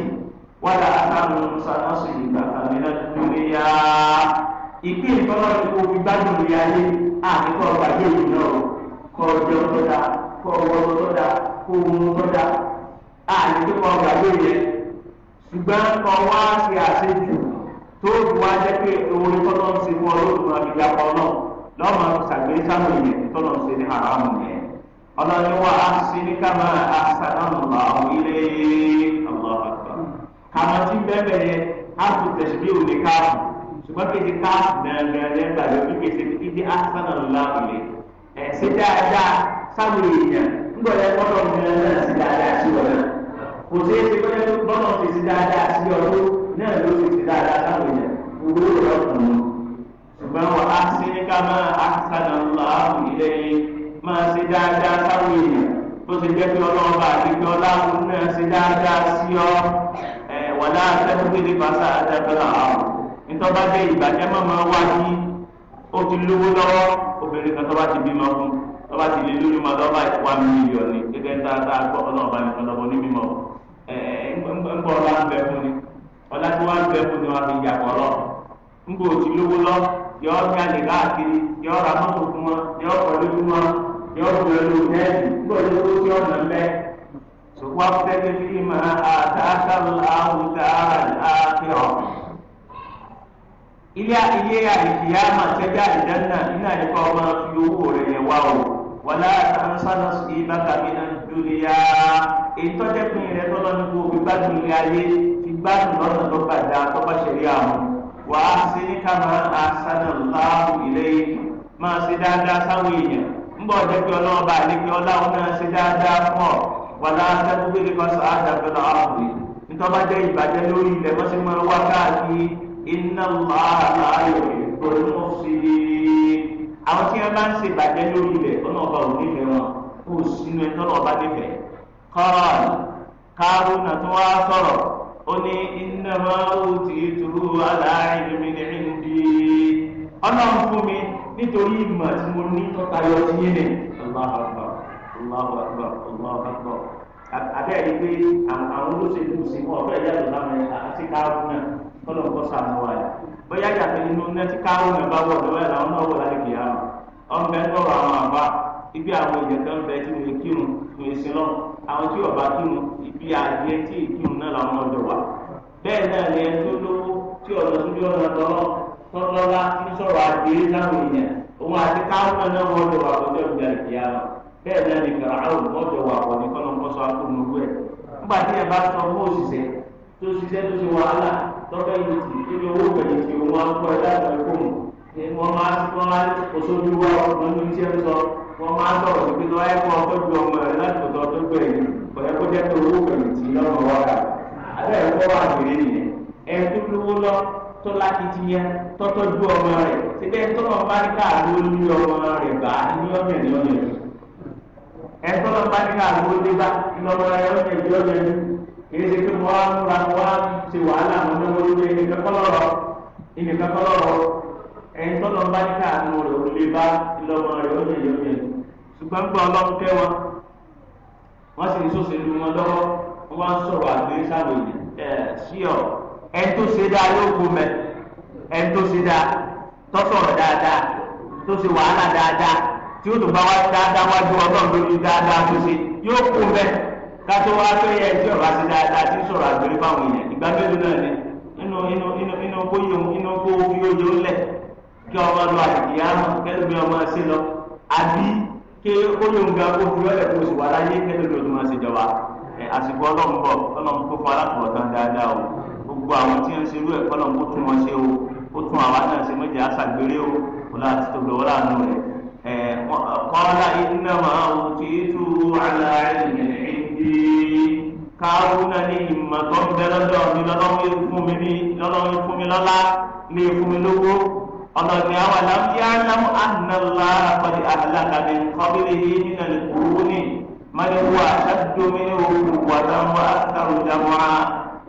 wàlà àtàwọn ọmọọmọsánásì ìgbà kàmínà lórí ya ìpín ìfọwọ́ ti kó fi gbádùn rí ayé àníkọ́ gbàgbé yìí náà kọ́ ọjọ́ tó dáa kọ́ ọwọ́ tó dáa kó ohun tó dáa àníkọ́ gbàgbé yẹn ṣùgbọ́n kọ́ wá sí àṣejù tó bu wá jẹ́ pé owó ìfọ́tọ́ ń ṣe fún ọlọ́run àbíyá ọlọ́run lọ́mọ sàgbé sáwọn ìyẹn tó lọ́n ṣe ní haramu yẹn ọlọ́ni wa ahsin kama ahsana Allahu ilayk Allahu akbar kàmá tí bẹ́ẹ̀ yẹ káàtó tẹ̀síbí òní káàtó ṣùgbọ́n kéde káàtó gàngàngà gbàgbé kíkè ṣe kíkè ahsana Allahu ilayk ẹ̀ ṣe dáadáa sáwọn èèyàn ńgbọ̀ yẹ kọ́tọ̀ gàngàngà sí dáadáa sí wọn náà kò sí ẹsẹ pé bọ́lá ti ṣe dáadáa sí ọdún náà ló ti ṣe dáadáa máa ṣe dáadáa sáwọn èèyàn tó ṣe jẹ́ pé ọlọ́run bá àti ọláhùn náà ṣe dáadáa sí ọ wà láàtẹ́kùnkè ní fàṣà àtẹ́fẹ́lá ọ̀hún nítorí bá ìbàjẹ́ mọ́mọ́ wá ma lọ́ba mílíọ̀nù gẹ́gẹ́ ń gbọ́ ọlọ́run bá nìkan lọ́wọ́ ní mímọ́ ọlá ń bẹ fún ni ọlá tí wọ́n ń bẹ fún ni wọ́n fi yọ bu ẹlò nẹẹsì gbọdọ tó tí ọ̀nà mẹ sọfọ afẹ́fẹ́ fi máa àtàkà láwùjọ àkẹ́ọ̀. ilé ilé àìsíyá máa tẹ́jà ìdáná nínú àyíká ọmọ fi owó rẹ̀ yẹ wá o wàlá àtàǹsánà sí bákàmí náà dúnìyà èyí tọ́jẹ́ pin rẹ̀ tọ́lọ́ ní kó fi gbádùn ilé ayé fi gbádùn lọ́nà tó gbàdá tó bá ṣẹlẹ̀ àwọn wàá sí ká máa àṣánà láwùjọ ilé máa ṣe dáadáa sáwọn èèyàn ńgbọ́ ọ̀dẹ́gbẹ́ ọlọ́ọ̀bá àdégbé ọláhùn náà ṣe dáadáa fún ọ wà láńtẹ́ gbogbo ní kọ́sọ̀ àdàbẹ̀lọ ààbò yìí nítorí jẹ́ ìbàjẹ́ lórí ilẹ̀ wọ́n sì máa wá káàkiri iná láàárọ̀ ìgbòlómọ́sí. àwọn tí wọ́n bá ń ṣe ìbàjẹ́ lórí ilẹ̀ ọlọ́ọ̀bá ò nífẹ̀ẹ́ wọn kó o sínú ẹ̀ tọ́lọ́ọ̀bá nífẹ̀ẹ́ kọ́ọ̀lù ọlọ́run fún mi nítorí ìmọ̀ tí mo ní tọ́ta yọ sí yín ni Allahu Akbar Allahu Akbar Allahu Akbar àbẹ́ẹ̀rí pé àwọn olóṣèlú sí wọn ọ̀fẹ́ yàtọ̀ láwọn àti káwọn náà kọ́lọ̀ ń kọ́ sàmú wa yà bóyá yàtọ̀ inú náà tí káwọn náà bá wọ̀ lọ́wọ́ làwọn náà wọ̀ láti kìí àmọ́ ọ̀nbẹ tọrọ àwọn àbá ibi àwọn èèyàn ni ẹni tó lówó tí tọ́lọ́lá ń sọ̀rọ̀ àgbèrè táwọn èèyàn òun àti káwọn náà wọ́n lọ wà pọ̀jọ́ ìjà ìyá lọ bẹ́ẹ̀ náà ni fìràhùn mọ́jọ wà pọ̀ ní kọ́nà kọ́sọ́ akónúgbó ẹ̀ nígbà tí ẹ bá sọ fún òṣìṣẹ́ tó ṣiṣẹ́ tó ṣe wàhálà tọ́pẹ́ yìí ti níbi owó pẹ̀lú ti òun máa ń kọ́ ẹ láti ẹ̀kọ́ mu wọ́n máa wọ́n máa oṣooṣù wá ọ̀gbọ́n ní iṣẹ́ ń sọ wọ́n máa sọ̀rọ̀ sí pé tó ẹ kọ́ tọ́jú ọmọ rẹ láti ọ̀dọ́ tó gbẹ̀yìn ọ̀yẹ́ kó jẹ́ pé owó pẹ̀lú ti lọ́nà wọ́ra abẹ́ ẹ̀kọ́ wà nìyẹn ẹ̀ tó tó lákìtìyàn tọ́tọ́jú ọmọ rẹ̀ síbẹ̀ tọ́lọ̀ bá ní káàdó ní ọmọ rẹ̀ bá ní ọmọ ẹ̀ ní ọmọ ẹ̀ ẹ̀ tọ́lọ̀ bá ní káàdó dé bá ní ọmọ rẹ̀ ọmọ ẹ̀ ní ọmọ ẹ̀ kì í ṣe pé wọ́n á múra wọ́n á ṣe wàhálà àwọn ọmọ olóyè ẹnìkan kọ́lọ́rọ̀ ẹnìkan kọ́lọ́rọ̀ ẹ̀ tọ́lọ̀ bá ní káàdó rẹ̀ ó lè bá ní ọmọ rẹ̀ ọmọ ẹ̀ ní ọmọ ẹ̀ ṣùgbọ́n gbọ́ ọlọ́run kẹ́ wọn wọ́n sì ń sòṣèlú wọn lọ́wọ́ wọ́n wá ń sọ̀rọ̀ àgbẹ̀ sáwọn èèyàn ẹ̀ sí ọ̀rọ̀ ẹni tó ṣe dáa yóò kó mẹ ẹni tó ṣe dáa tọ́sọ̀rọ̀ dáadáa tó ṣe wàhálà dáadáa tí ó tún bá wá dáadáa wájú ọlọ́run lórí dáadáa tó ṣe yóò kó mẹ kátó wá pé ẹ tí ọ̀rọ̀ àti dáadáa tí sọ̀rọ̀ àgbèrè fáwọn èèyàn ìgbà mélòó náà ni inú inú inú inú kó yẹ inú kó fi oyè ó kí ọmọ lọ àdìyá kẹlẹ́mi ọmọ ṣe lọ àbí ké ó kó fi ọlẹ̀ kó sì wà láyé kẹlẹ́mi ọdún máa ṣèjọba àsìkò ọlọ́run bọ̀ ọlọ́run kó fún alákùrọ̀ tán dáadáa o gbogbo àwọn tí wọ́n ṣe irú ẹ̀kọ́ náà kó tún wọn ṣe o kó tún àwa náà ṣe méjì àṣàgbére o wọn láti tóbi wọn láàánú rẹ̀ ẹ̀ kọ́lá iná máa wò tí tú aláìní ìdí káwúná ní ìmọ̀ tó ń bẹ lọ́dọ̀ mi lọ́lọ́wọ́ fún mi ní lọ́lọ́wọ́ mi lọ́lá lè fún mi lówó ọlọ́ni àwọn àlàmúyá àlámú ànàlá àpàdé àhàlàkàdé kọ́bílẹ̀ yìí nínú ìkúrú ní mọ́ni wà á mi ní òkú wà á dáhùn wà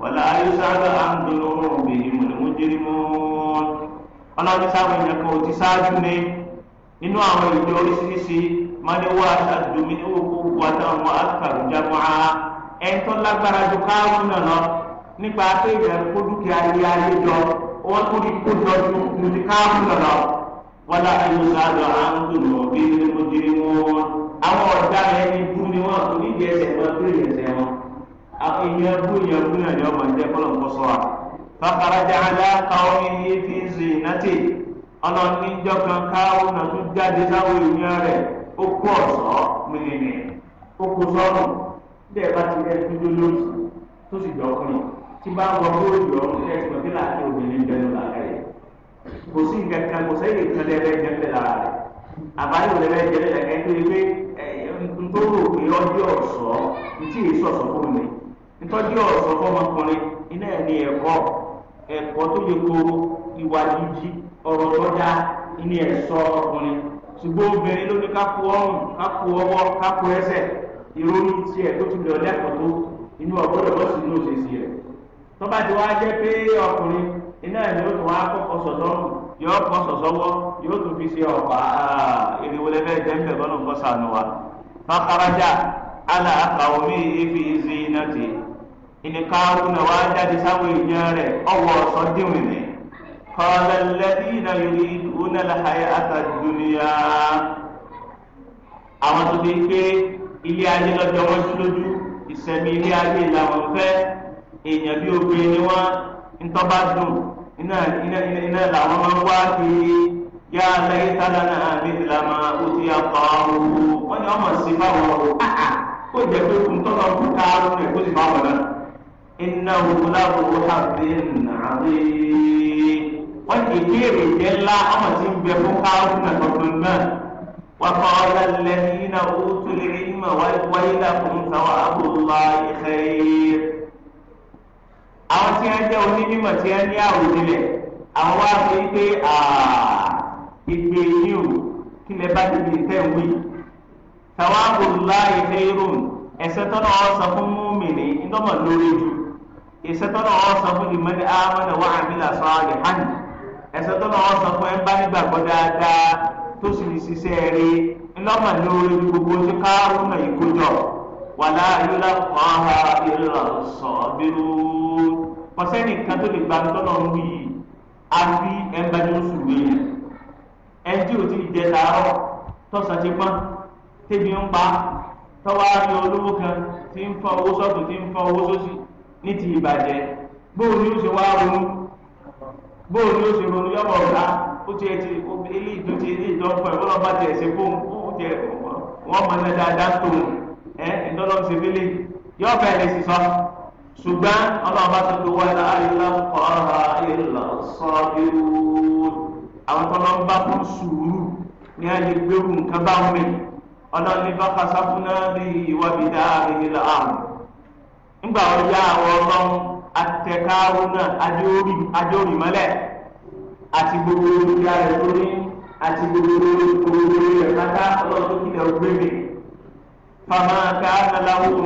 wàlá ayélujára àǹdọ̀rọ̀ ọ̀rọ̀ èyí mọ̀lẹ́mọ́jẹ́rìmọ́ ọlọ́run sáwọn èèyàn kan ò ti ṣáájú ní nínú àwọn ìjọ oríṣiríṣi mọ́níwá àṣàdùnmí òkú wàtàwọn àkàrùjámọ́ á ẹni tó lágbára ju káwọn náà lọ nípa pé ìrẹ̀ kó dúkìá ilé ayé jọ wọ́n kó ní kó jọ ju ti káwọn náà lọ wàlá ayélujára àǹdọ̀rọ̀ ọ̀rọ̀ èyí mọ̀lẹ́mọ́jẹ́rìmọ́ àwọn ọ̀dà ẹni dún ni wọ́n kò ní ìdí ẹsẹ̀ wọn ìyẹ̀bú ìyẹ̀bú náà ni ọmọ ìjẹ́ kọ́lọ̀ ń kọ́ sọ́ra. fàkàràjà aláka omi ní fi ń ṣe ìnáti ọlọ́ọ̀ni jọ́kan káwọn náà tún jáde sáwọn èèyàn rẹ̀ ó kú ọ̀sọ́ mílíọ̀nì ó kú sọ́nù bẹ́ẹ̀ bá ti rẹ̀ dúdú lóṣù tó sì jọkùnrin tí bá ń wọ bóòlù ọ̀run ẹ̀ sọ kí láti obìnrin bẹnu làkà rẹ̀ kò sí nǹkan kan kò sẹ́yìn kan lẹ́rẹ́ jẹ́ pẹ́ lára rẹ̀ àbáyọ̀ lẹ́rẹ́ jẹ́ lẹ́rẹ́ kẹ́kẹ́ pé ntòrò pé ọjọ́ ọ̀sọ́ ntí èso ọ̀sọ́ fún mi. ntọ́jú ọ̀sán fọmọkùnrin iná ẹ̀ ní ẹ̀kọ́ ẹ̀kọ́ tó yẹ kóró ìwà jíjí ọ̀rọ̀ tó dá iná ẹ̀ sọ ọkùnrin ṣùgbọ́n obìnrin ló ní kápò ọrùn kápò ọwọ́ kápò ẹsẹ̀ ìrònú tiẹ̀ tó ti lọ lẹ́kọ̀ọ́ tó inú ọ̀gbọ́dọ̀ lọ sí inú òṣèṣì tó bá ti wá jẹ́ pé ọkùnrin iná ẹ̀ ní ó tún wá kọ́kọ́ yóò kọ́ sọ̀sọ́wọ́ yóò tún fi ṣe ọ̀pá bẹ́ẹ̀ jẹ́ ńbẹ̀ ìníkàrún náà wàá jáde sáwọn èèyàn rẹ̀ ọwọ́ ọ̀sán dìwìn ní. قال الذين يريدون الحياة الدنيا àwọn tó ti pé ilé ayé lọ́jọ́ wọn sí lójú ìsẹ̀mí ilé ayé làwọn fẹ́ èèyàn bí obìnrin ni wọ́n ntọ́ba dùn iná iná iná làwọn máa ń wá sí yá lẹ́yìn sálá náà ní ìlànà ó ti apá ooru wọ́n ní ọmọ sí báwọn o kó jẹ́ pé innahu lahu hazzin azim wọ́n ti béèrè jẹ́ ńlá ọmọ tí ń bẹ fún káwọn náà tuntun náà wọ́n kọ́ lẹ́yìn náà ó tún lè rí mọ̀ wáyé lákùn sáwọn àbúrò ìfẹ́ àwọn tí wọ́n jẹ́ onímọ̀ tí wọ́n ní àwòdìlẹ̀ àwọn wá sọ pé ìgbè yìí o kí lè bá ti di ìfẹ́ wí sáwọn àbúrò ìfẹ́ irun ẹ̀sẹ̀ tọ́nà ọ̀sán fún múmi ní ìdánmọ̀ lórí jù iṣẹ́ tọ́lọ̀ wọn sọ fún ni mẹ́lẹ́ ámọ́nà wà á nílà sọ àlẹ́ hàn ẹ̀ṣẹ́ tọ́lọ̀ wọn sọ fún ẹ bá nígbàgbọ́ dáadáa tó sì ní ṣiṣẹ́ rí ńlọ́mà lórí gbogbo tí káàrún náà yìí kójọ wàlá ìlúlá kọ́ha ìlúlá sọ bírú pọ̀sẹ́nì kan gba tọ́lọ̀ ń wí àfi ẹ̀ńbá ní oṣù wí ẹ̀ńtí ò ti jẹ tààrọ̀ tọ́sán ti pọ́n tẹ́bi ń pa tọ́wọ́ á olówó kan ti ń fọ owó sọ́tún ti ń fọ owó sósì ní ti ìbàjẹ́ bóò ni ó ṣe wá ronú bóò ni ó ṣe ronú ọ̀gá ó ti ẹtì ilé ìjọ ti ilé ìjọ pẹ̀ wọ́n lọ́ba tiẹ̀ ṣe fóun ó ti wọ́n mọ̀ ní dáadáa tó ẹ̀ ìdọ́lọ́ ṣe fílẹ̀ yọ̀ bẹ́ẹ̀ lè ṣùgbọ́n ọ̀rọ̀ àwọn tó bá fún sùúrù ní ayé nǹkan bá wọn mi bá kásá fún náà bí ìwà bìdá ńgbà wọn yá àwọn ọlọ́run atẹ̀káwó náà na mọ́lẹ̀ àti gbogbo olùdíjà rẹ̀ lórí àti gbogbo olùdíjà rẹ̀ pátá fama fi fama na ọlọ́run kò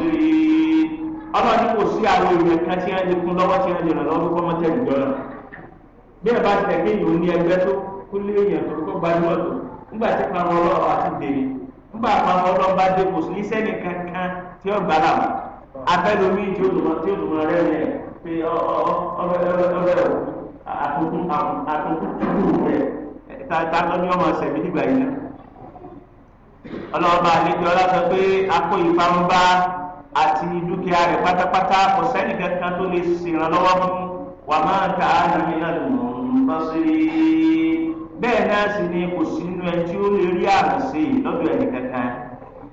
sí àwọn èèyàn kan tí wọ́n ti kún lọ́wọ́ tí wọ́n ti rìn lọ́wọ́ kọ́mọ́tẹ́ ìjọ náà. bí ẹ bá tẹ̀ kéèyàn ní ẹgbẹ́ tó kúlé èèyàn tó kọ́ nígbà tí pàmò ọlọ́run àti dèrè nígbà pàmò ọlọ́run bá dé kò sí ní sẹ́ni kankan tí ó gbà láàmú afẹ́lomi tí ó dùnmọ́ tí ó dùnmọ́ rẹ̀ yẹ pé ọbẹ̀ àtúntún àtúntún tuntun rẹ̀ tàbí ọmọ ọmọ sẹ̀mí nígbà yìí náà ọlọ́ọ̀bá àlejò pé akó ìfamúbá àti dúkìá rẹ̀ pátápátá kò sẹ́ni kankan tó lè ṣèrànlọ́wọ́ fún wàmáǹkà àdàmínà lòún bá sí i bẹ́ẹ̀ náà sì ni kò sí nínú ẹni tí ó lè rí àrùn sí i lọ́dọ̀ ẹni kankan.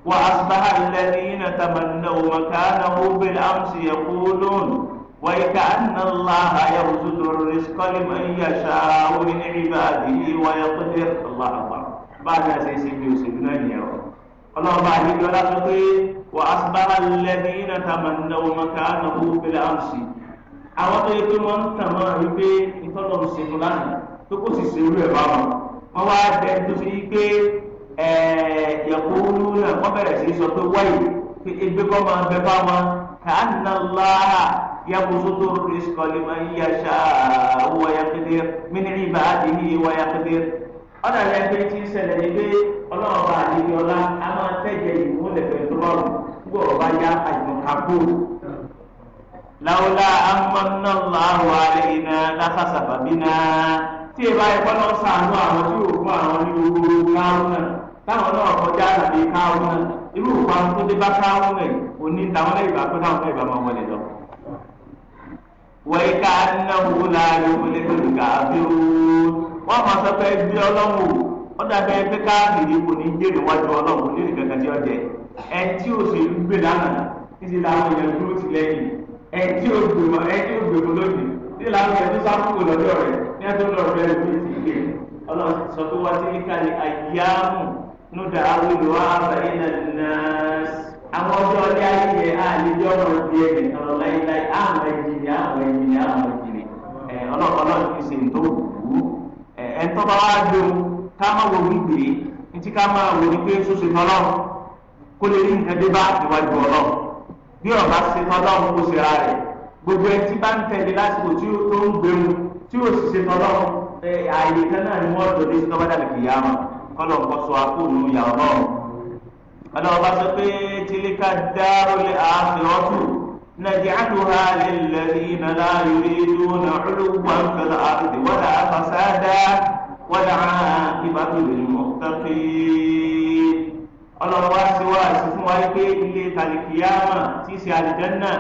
wà á sábà lẹ́ni iná tamanná òun ká náà ó bẹ̀rẹ̀ àmsì yẹ kó lónìí wáyé ká nà ńlá ayé òtún lórí rìsíkọ́lì mọ́ iyà ṣáá ó ní ìgbà àdìyí wáyé tó dé ọ̀là àgbà bá a náà ṣe bí òṣèlú náà nìyẹn o. ọlọ́run bá a yí pé wà á sábà lẹ́ni iná tamanná òun ká náà àmsì àwọn tó yẹ pé wọ́n ń tàn máa rí ìtọ́lọ́ tó kó sì ṣe irú ẹ̀ báwọn wọ́n wá bẹ tó ṣe yí pé ẹ̀ẹ́dẹ̀kọ́ olú náà wọ́n bẹ̀rẹ̀ sí sọ pé wáyé pé egbé kọ́ máa ń bẹ fáwọn kàánà láà yabusutu rizqa liman yasha'u wa yaqdir min ibadihi wa yaqdir ọ̀nà rẹ̀ pé tí ń ṣẹlẹ̀ ní pé ọlọ́run bá àdébí ọlá a máa tẹ̀jẹ̀ ìmúlẹ̀ láwùlá amọ̀nà àlẹ́ iná lásàsàbàbí náà tí ìbá ẹ̀kọ́ náà sàánú àwọn tí yóò fún àwọn ní owó káwọn táwọn náà kọjá àbí káwọn irú ìparun tó dé bá káwọn rẹ̀ òní táwọn náà ìgbà tó táwọn náà ìgbà máa wọlé lọ. wọ́n ká náwó láàyè wọlé lórí káàbí ooo wọ́n máa sọ pé bí ọlọ́run o wọ́n dàbẹ́ pé káàkiri kò ní jèrè wájú ọlọ́run ní ìkankan tí ó tí làwọn ẹni sáfùkù lọ́jọ́ rẹ̀ ní ẹ̀tọ́ lọ́rọ̀ bẹ́ẹ̀ bí ti gbé ọlọ́run sọ pé wá sí níkàlẹ̀ àyíyáàmù núdà awúlò ààbà ilẹ̀ nọ́ọ̀sì. àwọn ọjọ́ ọdẹ ayẹyẹ àlejò ọ̀rọ̀ di ẹ̀mí ọ̀rọ̀ láíláí àwọn ẹ̀jìnlẹ̀ àwọn ẹ̀jìnlẹ̀ àwọn ẹ̀jìnlẹ̀ ọlọ́run ti ṣe tó wù ú. ẹ̀ ń tọ́ba wá do ká má wo wípé ní ti ká má wo ni pé gbogbo ẹ tí bá ń tẹ̀lé lásìkò tí ó tó ń gbẹ̀rù tí ó sì ṣe tọ́lọ́ ààyè kan náà ni wọ́n lòdì sí tọ́ba dàbí kìyà mọ́ kọ́lọ̀ ń kọ́ sọ akóònù ìyàwó náà ọlọ́wọ́ bá sọ pé tìlíkà dáró lè àṣírọ́tù نجعلها للذين لا يريدون علوا في الأرض ولا فسادا والعاقبة للمتقين الله واسي واسي فوايك إلي تالكيامة تيسي الجنة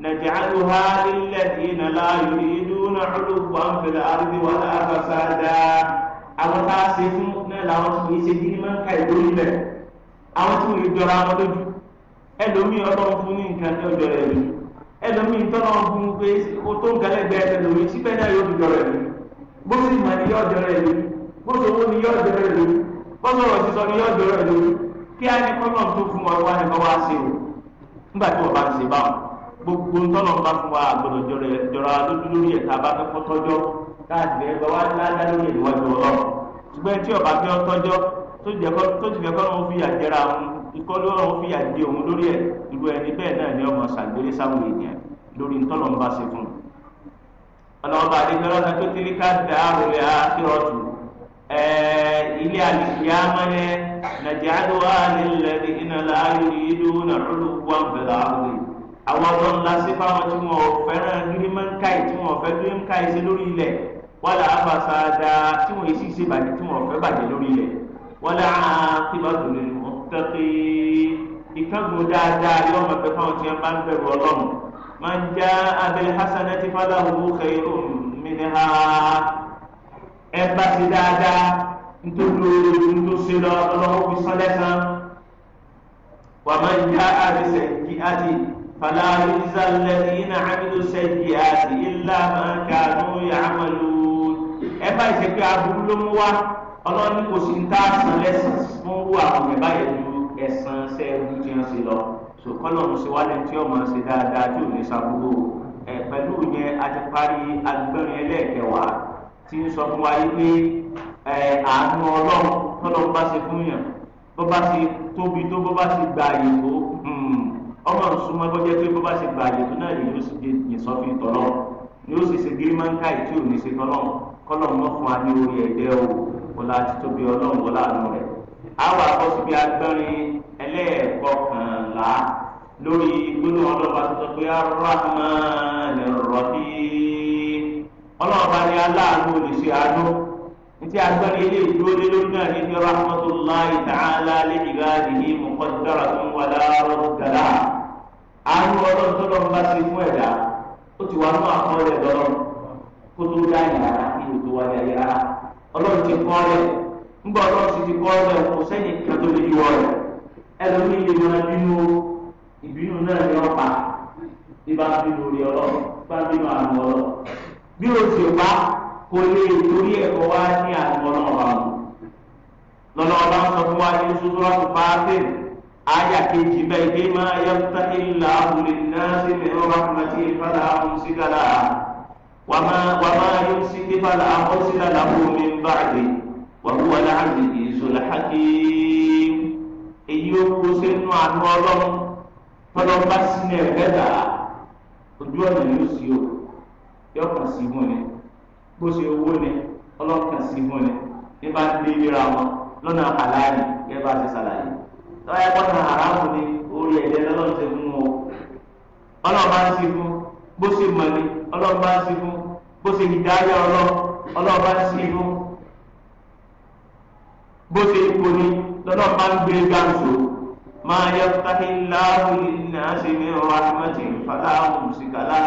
نجعلها للذين لا يريدون علوا في الأرض ولا فسادا àwọn tá a ṣe fún náà làwọn tó ṣe kí ni máa ń ka ìlórí bẹ àwọn tó lè jọra wọn lójú ẹlòmíì Ọlọ́run fún ní nǹkan tó jọra ẹ lójú o tó ń o gbogbo ntọ́nà bá fún wa àgbọ̀dọ̀ jọrọ ẹ̀ jọra lójú lórí ẹ̀ka bá fẹ́ kọ́ tọ́jọ́ káàdì ẹgbẹ́ wa ládá lórí ìwájú ọlọ́run ṣùgbọ́n tí ọba fẹ́ tọ́jọ́ tó ti fẹ́ kọ́ lọ́wọ́ fìyà jẹra òun ikọ́ lọ́wọ́ fìyà jẹ òun lórí ẹ̀ irú ẹni bẹ́ẹ̀ náà ni ọmọ ṣàgbére sáwọn èèyàn lórí ntọ́nà bá ṣe fún un. ọ̀nà ọba àdéjọ́lá tó tiri ká da àròlé àwọn ọlọ́run lásì fáwọn tí wọn fẹ́ràn gírímọ́ńkáì tí wọn fẹ́ gírímọ́ńkáì ṣe lórí ilẹ̀ wàlà àfàṣàdà tí wọn èsì ṣe bàjẹ́ tí wọn fẹ́ bàjẹ́ lórí ilẹ̀ wàlà àkìbàtò lè mọ̀ tẹ́tẹ́ dáadáa yọ ọmọ pẹ́ fáwọn tí wọn bá ń bẹ̀rù ọlọ́run máa ń já فلا يجزى الذين عملوا السيئات إلا ما كانوا يعملون ẹ bá ìṣe pé aburú ló mú wá ọlọ́run ní kò sí ń tá àṣà lẹ́sìn fún owó àwọn ẹ̀bá yẹn ju ẹ̀sán ṣe ẹ̀rú tí wọ́n ṣe lọ ṣòkọ́lọ́run ṣe wá tí ọmọ ṣe dáadáa tí ò ní ṣàkóso ẹ̀ pẹ̀lú yẹn a ti parí agbẹ́rin ẹlẹ́ẹ̀kẹwàá tí ń sọ fún wa yí pé àánú ọlọ́run tọ́lọ́run bá ṣe fún yàn bó bá ṣe tóbi tó bó bá ṣe gbà tó hmm, ọmọ nsúmọ́ bọ́jẹ́ pé bó bá ṣe gba àyè tó náà ni yóò ṣe yìn sọ́fin tọ́lọ́ ni yóò sì ṣe gírímọ́ńkà tí ò ní ṣe tọ́lọ́ kọ́lọ́ mọ́ fún wa ní orí ẹ̀dẹ́ o kọ́lá ti tóbi ọlọ́run wọlá àánú rẹ̀. àwọn àkọsí bíi agbẹ́rin ẹlẹ́ẹ̀kọkànlá lórí gbólóhùn ọlọ́ba tó sọ pé aráàmánì rọ̀bí ọlọ́ba ni aláàánú olùṣe àánú nítí agbẹ́rin ilé ìdúró lé lórí náà ní rahmatullahi ta'ala lè ìgbà àdìyí mọ̀kọ́dára tó ń wà láàárọ̀ dàlá àánú ọlọ́run tó lọ́run bá ṣe fún ẹ̀dá ó ti wà nú àkọọ́lẹ̀ lọ́run kó tó dá ìyára ìlú tó wà ní ayé rárá ọlọ́run ti kọ́ ọ́lẹ̀ ńgbà ọlọ́run sì ti kọ́ ọ́lẹ̀ kò sẹ́yìn kan tó lè yíwọ́ rẹ̀ ẹlòmíì lè máa bínú ìbínú náà ní ọ̀pá ìbá bínú rí ọlọ́run bá bínú àánú ọlọ́run bí o sì pa kò lè torí ẹ̀kọ́ wá ní àánú ọlọ́run lọ́nà ọba aya kejì bẹ́ẹ̀ pé máa yaftahi Allahu lin-nasi min na fala mumsika laha wa ma yumsik fala mursila lahu min wa huwa al-'azizul hakim. èyí ó kó sínú àánú ọlọ́run tọ́lọ́ba sínú ẹ̀gbẹ́ta ojú ọ̀nà yóò o yóò kàn sí mú ni bó ṣe owó ni ọlọ́run kàn sí mú ni lọ́wọ́ ẹ̀kọ́ náà aráàlú ni orí ẹ̀jẹ̀ lọ́lọ́run ti mú o ọlọ́run bá ń sí fún bó ṣe mọ̀ ni ọlọ́run bá ń sí fún bó ṣe ìdá ayé ọlọ́run ọlọ́run bá ń sí fún bó ṣe ipò ni lọ́lọ́run bá ń gbé gáàsó máa yẹ káfí láàbù iná ṣe ní ọ̀rọ̀ àmọ́tì fàlàhùn mùsíkàlá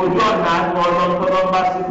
ojú ọ̀nà àti ọlọ́run tọ́lọ́ bá fún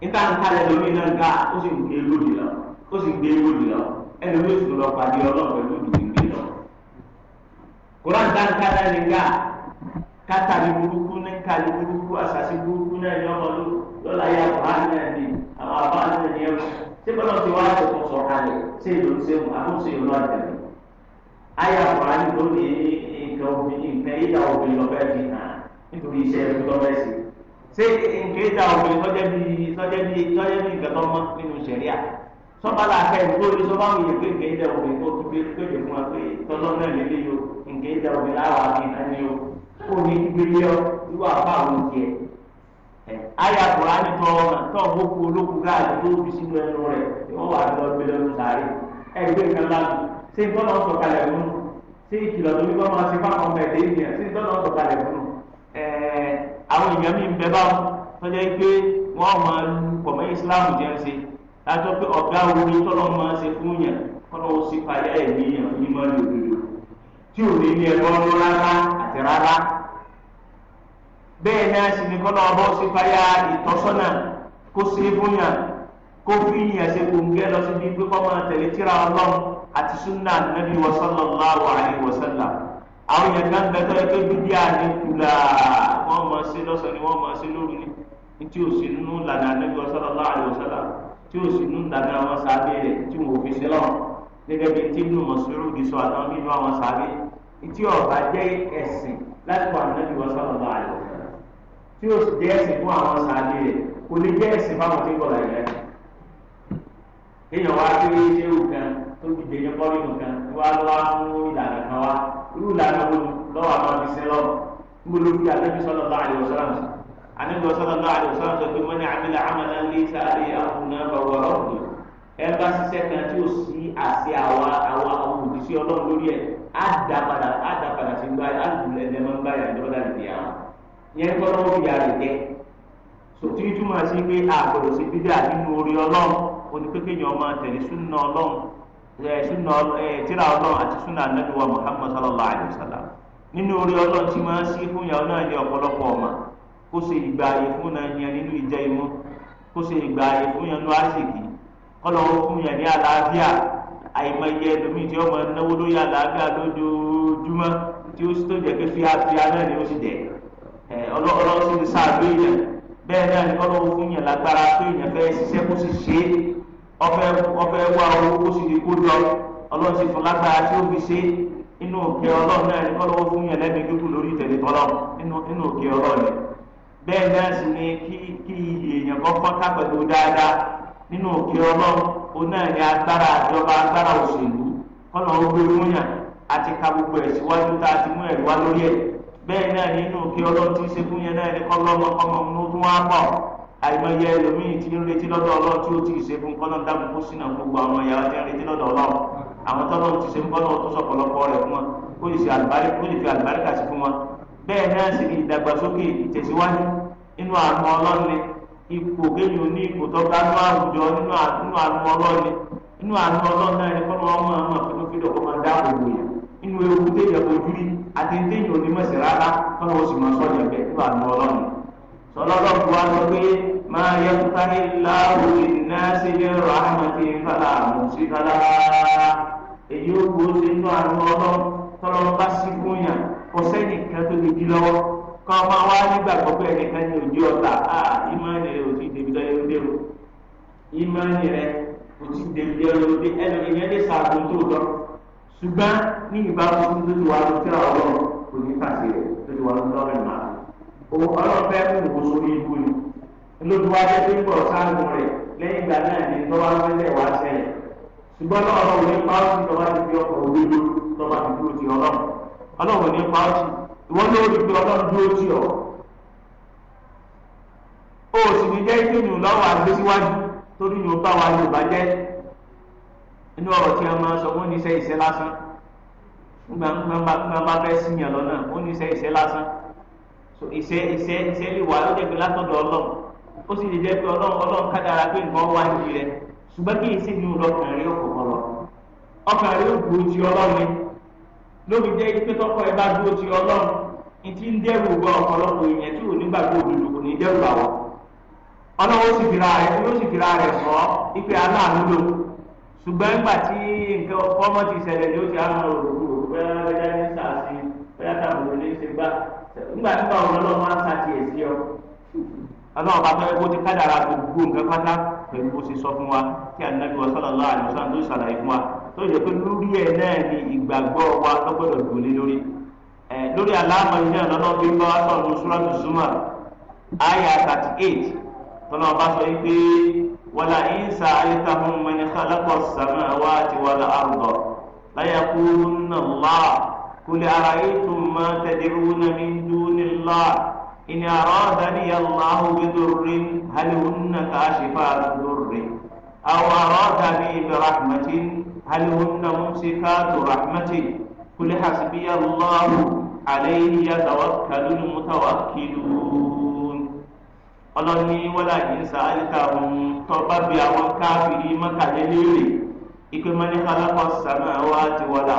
níta níta lẹ lómi náà ká ó sì gbé lódì lọ ó sì gbé lódì lọ ẹni wọ́n sì lọ pàdé ọlọ́pàá lódì tó gbé lọ. kuran ta níta náà ní ká kátà ní burúkú ní ká ní burúkú àṣàṣì burúkú náà ní ọmọ lọ́la yà wà náà ní àwọn àbá náà ní ẹ̀rọ ṣé bọ́lá ti wá aṣọ tó sọ kalẹ̀ ṣé èlò ń sẹ́wọ̀n àkóso èlò àjẹmí. ayé àkùrá ní lónìí nǹkan ìdá òbí lọ́bẹ̀ẹ́ fi hàn nítorí iṣẹ́ ẹ̀rọ ṣé nkèéta obìnrin sọjẹ bí sọjẹ bí sọjẹ bí nǹkan tó mọ nínú sẹríà sọba làákà ìgbó ni sọba wòye pé nkèéta obìnrin tó tún gbé péjọ fún wa pé tọ́lọ́ náà lélẹ́ yìí o nkèéta obìnrin láwà á fi náà ní o kó ní gbélé ọ wíwá fún àwọn òkè ẹ ayé àkùrá ní tọ́ ọ̀nà tó ń bókú olókùn gáàsì tó fi sínú ẹnu rẹ̀ ni wọ́n wà lọ gbé lọ́nu sáré ẹ gbé nǹkan lánàá ṣé tọ́lọ́ ń sọ̀kalẹ̀ fún ṣé ìkìlọ̀ tó ní kọ́ máa ṣe fáwọn ọmọ ẹ̀dẹ́ èèyàn mi ń bẹ báwọn wọ́n jẹ́ pé wọ́n máa lu pọ̀mọ́ ìsìláàmù jẹ́ ń ṣe lájọ́ pé ọ̀gá orin tọ́lọ́ máa ṣe fún yàn kọ́lọ́ ó sì fàyà ẹ̀mí yàn ní mọ́ ní òdodo tí ò ní ní ẹ̀kọ́ ló rárá àti rárá bẹ́ẹ̀ náà sì ni kọ́lọ́ ọbọ̀ sì fàyà ìtọ́sọ́nà kó ṣe fún yàn kó fi yàn ṣe kòǹgẹ́ lọ síbi pé kọ́ máa tẹ̀lé tíra ọlọ́run àti súnà nàbí wàsálàláhu àlè wàsálàm àwọn èèyàn kan bẹ tọ́lẹ́ pé bíbí àní kùlà wọ́n mọ̀ sí lọ́sàn ni wọ́n mọ̀ sí lóru ni tí ò sí nínú lànà àdébí sallallahu alaihi wasallam tí ò sí nínú lànà àwọn sábẹ́ rẹ̀ tí wọ́n fi sílọ̀ gẹ́gẹ́ bí tí Ibn Mas'ud sọ àtàwọn nínú àwọn sábẹ́ tí ọba jẹ́ ẹ̀sìn láti wà nínú ìwọ sallallahu alaihi wasallam tí o sì jẹ́ ẹ̀sìn fún àwọn sábẹ́ rẹ̀ kò ní jẹ́ ẹ̀sìn fáwọn tí irú ìlànà wo ni lọ́wọ́ àwọn ọmọ ìsìn lọ́wọ́ níbo ló fi àtẹ́bí sọ́nà bá àlè wọ́sọ́nà sí àníbọ̀ sọ́nà bá àlè wọ́sọ́nà sọ pé wọ́n ní àmìlà àmàlà ní sáré àwọn náà wà ọ̀dọ̀ ẹ bá ṣiṣẹ́ kan tí ó sí àṣẹ àwa àwa àwọn òṣìṣẹ́ ọlọ́run lórí ẹ̀ á dà padà á dà sí gbá á lù ń bá yàrá ìjọba dàbí àwọn yẹn gbọ́dọ̀ ó fi àrè jẹ́ sòtí túmọ̀ sí pé àgbọ̀dọ̀ sí bíbí àbínú orí ọlọ́run onípékèyàn máa tẹ̀lé súnà ọlọ́run sunna tírà ọlọ́run àti sunna anabi muhammad sallallahu alayhi wa sallam nínú orí ọlọ́run tí máa ń sí fún yàrá náà ní ọ̀pọ̀lọpọ̀ ọ̀mà kó ṣe ìgbà ayé fún náà yẹn nínú ìjẹ́ imú kó ṣe ìgbà ayé fún yẹn nínú àṣìkì kọ́lọ̀ ó fún yẹn ní àlàáfíà àìmọye ẹlòmíì tí ọmọ náwó lórí àlàáfíà lójoojúmọ́ tí ó sì tó jẹ́ pé fíafíà náà ni ó sì jẹ́ ọlọ́run sì ti sáà lóyè bẹ́ẹ̀ náà ni kọ́lọ̀ ó fún yẹn lágbára pé èèyàn fẹ́ ṣiṣẹ́ kó sì ṣe é ọfẹ ọfẹ wá owó ó sì lè kó lọ ọlọ́run sì fún lágbára tí ó fi ṣe inú òkè ọlọ́run náà ní kọ́lọ́wọ́ fún yàn lẹ́mìí gígùn lórí ìtẹ̀lé tọ́lọ́ òkè ọlọ́run rẹ̀ bẹ́ẹ̀ náà sì ni kí èèyàn kan pẹ̀lú dáadáa nínú òkè ọlọ́run náà ní agbára àjọba agbára òṣèlú gbé yàn àti ka gbogbo òkè ọlọ́run tí ń ṣe fún náà ní àìmọye ẹlòmíì tí ń retí lọ́dọ̀ ọlọ́run tí ó ti ṣe fún kọ́nà dábùkú sínú gbogbo àwọn ìyàwó tí ń retí lọ́dọ̀ ọlọ́run àwọn tọ́lọ́ ti ṣe fún kọ́nà tó sọ̀pọ̀lọpọ̀ rẹ̀ fún wọn kó lè fi àlùbáríkà sí fún wọn bẹ́ẹ̀ náà sì ni ìdàgbàsókè ìtẹ̀síwájú nínú àánú ọlọ́run ni ipò kéèyàn ní ipò tó ga nínú àwùjọ nínú àánú ọlọ́run ni nínú àánú ọlọ́run náà ni kọ́nà wọn máa máa fi lókè dọ̀kọ́ máa dáàbò bò yẹn nínú ewu téèyàn bojú rí àti téèyàn onímọ̀sẹ̀ rárá kọ́nà ó sì máa sọ̀yàn bẹ́ẹ̀ nínú àánú ọlọ́run tọ́lọ́lọ́pù wa sọ pé máa yẹ kúkání láàrú iná sí ilé ọ̀rọ̀ àmọ̀tí fàlà àmọ̀tí fàlà èyí ó kú ó ti nú àánú ọlọ́run tọ́lọ́run bá sí fún yàn kò sẹ́ni kan tó lè jí lọ́wọ́ kọ́ máa wá nígbàgbọ́ pé ẹnìkan ní òjì ọ̀tà á ìmọ̀ọ́nì rẹ̀ ò ti débi dọ́yẹ́ lóde o ìmọ̀ọ́nì rẹ̀ ò ti débi dọ́yẹ́ lóde ẹnu ìyẹn lè ṣàbùn tó tọ́ ṣùgbọ́n ní ìbámu tó ti wà lókè ọ̀rọ̀ kò òun ọlọ́run fẹ́ mú òun sórí ikú ni lójú wa jẹ́ pípọ̀ sáàmù rẹ̀ lẹ́yìn ìgbà náà ni tọ́wá mẹ́lẹ̀ wá sẹ́yìn ṣùgbọ́n náà ọlọ́run ní pàọ́sì tọ́wá ti fi ọkọ̀ òdodo tọ́wá ti dúró ti ọlọ́run ọlọ́run ní pàọ́sì ìwọ́n ló rí pé ọlọ́run dúró ti ọ̀ o sì ní jẹ́ ìpinnu lọ́wọ́ àgbésíwájú torí ni ó bá wa Yorùbá jẹ́ inú ọ̀rọ̀ tí a máa sọ wọ́n ní iṣẹ́ iṣẹ́ lásán nígbà nígbà bá fẹ́ síyàn lọ́nà wọ́n ní so ìṣe ìṣe ìṣe lè wà lóde pé látọ̀dọ̀ ọlọ́run ó sì lè jẹ́ pé ọlọ́run ọlọ́run kádàrá pé nǹkan wá ìlú rẹ ṣùgbọ́n kí èsì nínú ọkàn rẹ yóò kọ̀kọ́ lọ ọkàn rẹ yóò gbòó ti ọlọ́run ni lóbi jẹ́ pé tọ́kọ ẹ bá gbòó ti ọlọ́run ní ti ń dẹ́rù bá ọ̀pọ̀lọpọ̀ èèyàn tí ò nígbàgbọ́ òdodo kò ní dẹ́rù àwọ̀ ọlọ́run ó sì fira rẹ ó sì fira rẹ sọ ipe aláàánú lò ṣùgbọ́n nígbà tí nǹkan ọmọ ti ṣẹlẹ̀ ni ó ti á lọ rò nígbà tí báwo lọ́nà máa ń sáti ẹ̀ sí ọ. ọlọ́run bá fẹ́ bó ti kádàrà gbogbo nǹkan pátá pẹ̀lú bó ṣe sọ fún wa kí ànábi wa sọ́lá aláàlú sáà tó ṣàlàyé fún wa tó yẹ pé lórí ẹ̀ náà ni ìgbàgbọ́ wa lọ́gbọ́dọ̀ dùnlé lórí. lórí aláàmọ̀ iná lọ́nà bí bá wa sọ̀rọ̀ sùràtù Zumar àyà thirty eight tọ́lá ọba sọ pé wàlà ìsà àyẹ̀tàhùn mẹ́ni kálákọ̀ sàmáwá àti wàlà àrùdọ̀ láyà kúrú náà láà قل أرأيتم ما تدعون من دون الله إن أرادني الله بضر هل هن كاشفات ضر أو أرادني برحمة هل هن ممسكات رحمة قل حسبي الله عليه يتوكل المتوكلون ọlọ́ni wọ́lá yìí ń sàárìkà òun tọ́ba bíi àwọn káfíìrì mọ́kàlélérè ìpè mọ́ni kálákọ̀ sàmáwá ti wọ́lá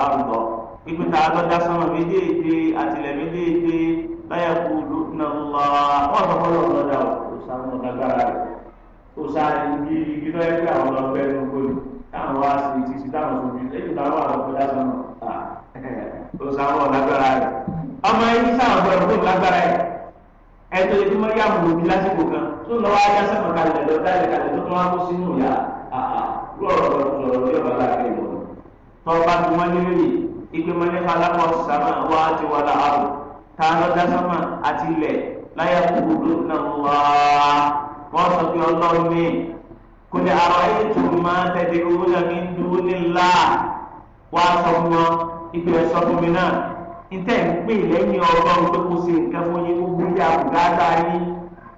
ipe ta lọ́jà sọ́nà méjèèjì àtìlẹ̀ méjèèjì láyà kú lọ́nà wọ́n sọ fọ́lọ́ lọ́jà òsàmù lágbára rẹ̀ òsàmù yìí ibi lọ́yẹ́ pé àwọn ọlọ́gbẹ́ ló ń gbòòlù táwọn wá sí ti ti táwọn sọ bíi lẹ́yìn táwọn àwọn lọ́jà sọ́nà òsàmù lágbára rẹ̀ ọmọ yìí sáwọn bọ̀rọ̀ tó lágbára rẹ̀ ẹ̀tọ́ ìdí mọ́rí àbùkù bí lásìkò kan tó lọ́ wá ajá sọ́nà kalẹ̀ lọ dálẹ̀ kalẹ̀ tó tún wá kó sínú ìyá àhà lọ́rọ̀ lọ́rọ̀ lọ́rọ̀ yọ̀ọ̀ ike mọ́lẹ́ kálákọ̀ sàmà wá ti wà láàrú tá a lọ dá sàmà àti ilẹ̀ láyà kúrú lónà wá wọ́n sọ pé ọlọ́run ní kò ní àwọn ètò máa tẹ̀lé owó náà ní dúró nílá wá sọ fún wọn ibi ẹ̀ sọ fún mi náà ntẹ́ ń pè lẹ́yìn ọlọ́run tó kó ṣe nǹkan fún yín gbogbo ní àbùkátà yín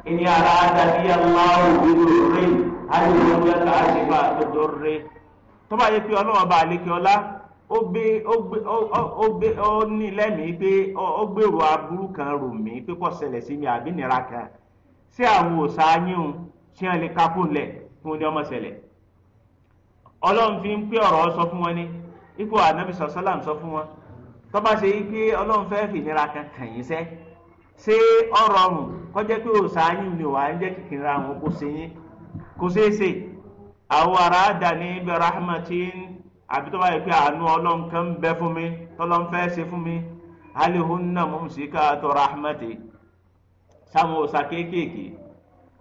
ẹni ara dàbí aláwọ̀ òdodo rẹ̀ àti ìwọ̀n bí wọ́n àṣẹ ó ní lẹ́mìí pé ó gbèrò aburú kan rò mí pé kò ṣẹlẹ̀ sí mi àbí nira kan ṣé àwọn òòṣà yín un ṣé wọn lè kápò lẹ̀ fún ní ọmọ ṣẹlẹ̀ ọlọ́run fi ń pé ọ̀rọ̀ sọ fún wọn ní ipò ànábì sọ̀sọ́làm sọ fún wọn tó bá ṣe yí pé ọlọ́run fẹ́ fìnira kan kàn yín sẹ́ ṣé pé ni wàá àbí tó bá yẹ pé àánú ọlọ́run kan ń bẹ fún mi tọ́lọ́n fẹ́ ṣe fún mi alihunna mumsika rahmati sáwọn òòsà kéékèèké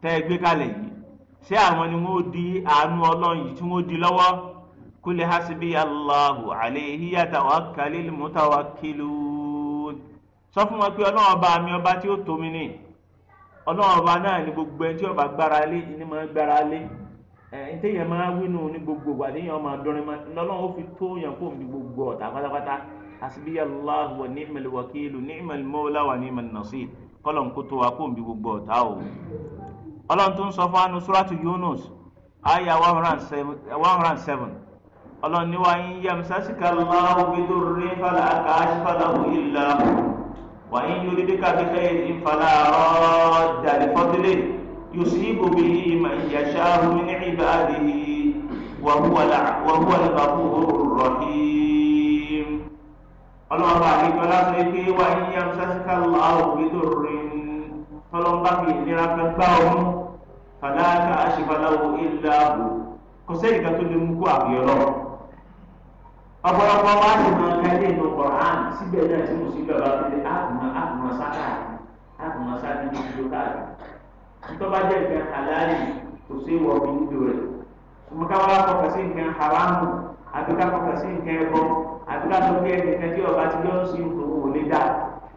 tẹ́ ẹ gbé kalẹ̀ yìí ṣé àwọn ni wọ́n di àánú ọlọ́run yìí tí wọ́n di lọ́wọ́ kuli hasibi allahu alayhi yatawakkalil mutawakkilun sọ fún wọn pé ọlọ́run ọba mi ọba tí ó tó mi ní ọlọ́run ọba náà ni gbogbo ẹni tí ó gbára lé ni mo gbára lé ntẹ́yẹ̀ máa wínú ní gbogbo wa ní yẹn máa dọ́rin ma lọ́lọ́run ó fi tó yàn kó mi gbogbo ọ̀tá pátápátá asibiya allah wa ni'mal wakilu ni'mal mawla wa ni'mal nasir kọ́lọ̀n kó tó wa kó mi gbogbo ọ̀tá o. ọlọ́run tó ń sọ fún anu suratu yunus aya one hundred and seven ọlọ́run ní wa in yamsasika allahu bidurrin fala kashifa lahu illa wa in yuridika bi khairin fala radda li fadlihi. يصيب به من يشاء من عباده وهو وهو الغفور الرحيم ọlọ́run bá àgbẹ̀kọ́ lásán ike wà ní yamsasika lọ́wọ́ òbítò rìn tọ́lọ́mbà fi ìnira kan gbá ọmú fàdákà àṣìfàláwo ilé ààbò kò sẹ́yìn kan tó lè mú kó àbí ọlọ́run. ọ̀pọ̀lọpọ̀ wa ti máa ka ilé ìlú Qur'an síbẹ̀ náà tí mo sì bẹ̀rẹ̀ àti àtùmọ̀ àtùmọ̀ sákàá àtùmọ̀ sákàá ní ìlú káàkiri ntọ́ba jẹ́ nǹkan halali kò sí ìwọ mi nílò rẹ̀ ṣùgbọ́n káwá kọkàn sí nǹkan haramu àbí ká kọkàn sí nǹkan ẹbọ àbí ká tó kẹ́ nǹkan tí ọba ti yọ̀ọ́ sí ìtòwò òní dá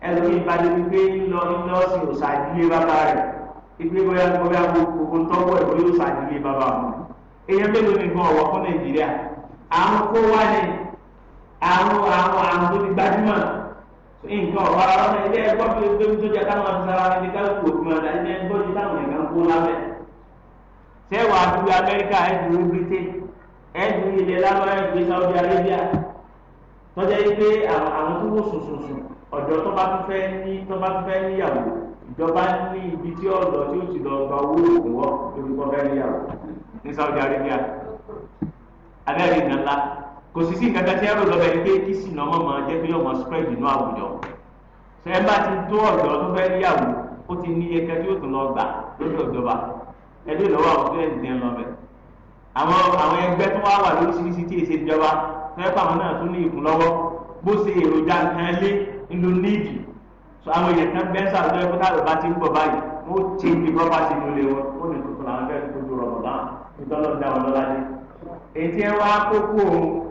ẹlòmíì bá dé wípé ńlọ ńlọ sí òṣàdílé bàbá rẹ̀ ìgbé bóyá bóyá gbogbo ntọ́wọ́ ẹ̀ bóyá òṣàdílé bàbá mu èèyàn mélòó ni gan ọ̀wọ́ fún Nàìjíríà àwọn kó wá ní àwọn àwọn àwọn tó ti gbajúmọ̀ nǹkan ọ̀rọ̀ ara wọn ẹgbẹ́ ẹgbọ́ tó gbé tó jẹ táwọn sara ẹni kálukú òfin ọ̀dà ẹni ẹgbọ́ tó táwọn èèyàn ń kó lábẹ́ sẹ́wà ju Amẹ́ríkà ẹ̀dùn ogbèté ẹ̀dùn ilẹ̀ lábẹ́ ẹ̀dùn Saudi Arabia tọ́jà yìí pé àwọn tó wò sùnsùnsùn ọ̀dọ́ tó bá fẹ́ ní tó bá fẹ́ níyàwó ìjọba ní ibi tí ọ̀dọ́ tí ó ti lọ gba owó òògùn wọ́ lórí fẹ́ níyàwó ní Saudi Arabia Amẹ́ríkà ah, ah, oh, ńlá kò sì sí nǹkan kan tí ẹrù lọ́bẹ̀ yìí pé kí sì náà mọ̀ jẹ́ pé yóò mọ̀ spread inú àwùjọ ṣe bá ti tó ọ̀dọ́ tó fẹ́ níyàwó ó ti ní ẹ̀ka tí ó tún lọ gbà lórí ọ̀jọba ẹbí lọ́wọ́ àwọn tó ẹ̀sìn dẹ́n lọ́bẹ̀ àwọn àwọn ẹgbẹ́ tó wá wà lóríṣiríṣi tí èsè ìjọba fẹ́ pàmò náà tún ní ìkún lọ́wọ́ bó ṣe èròjà nǹkan lé nínú níìdì àwọn èèyàn kan bẹ́ẹ̀ sàlùdọ́ ẹ̀kọ́ táwọn ẹ wá kókó òun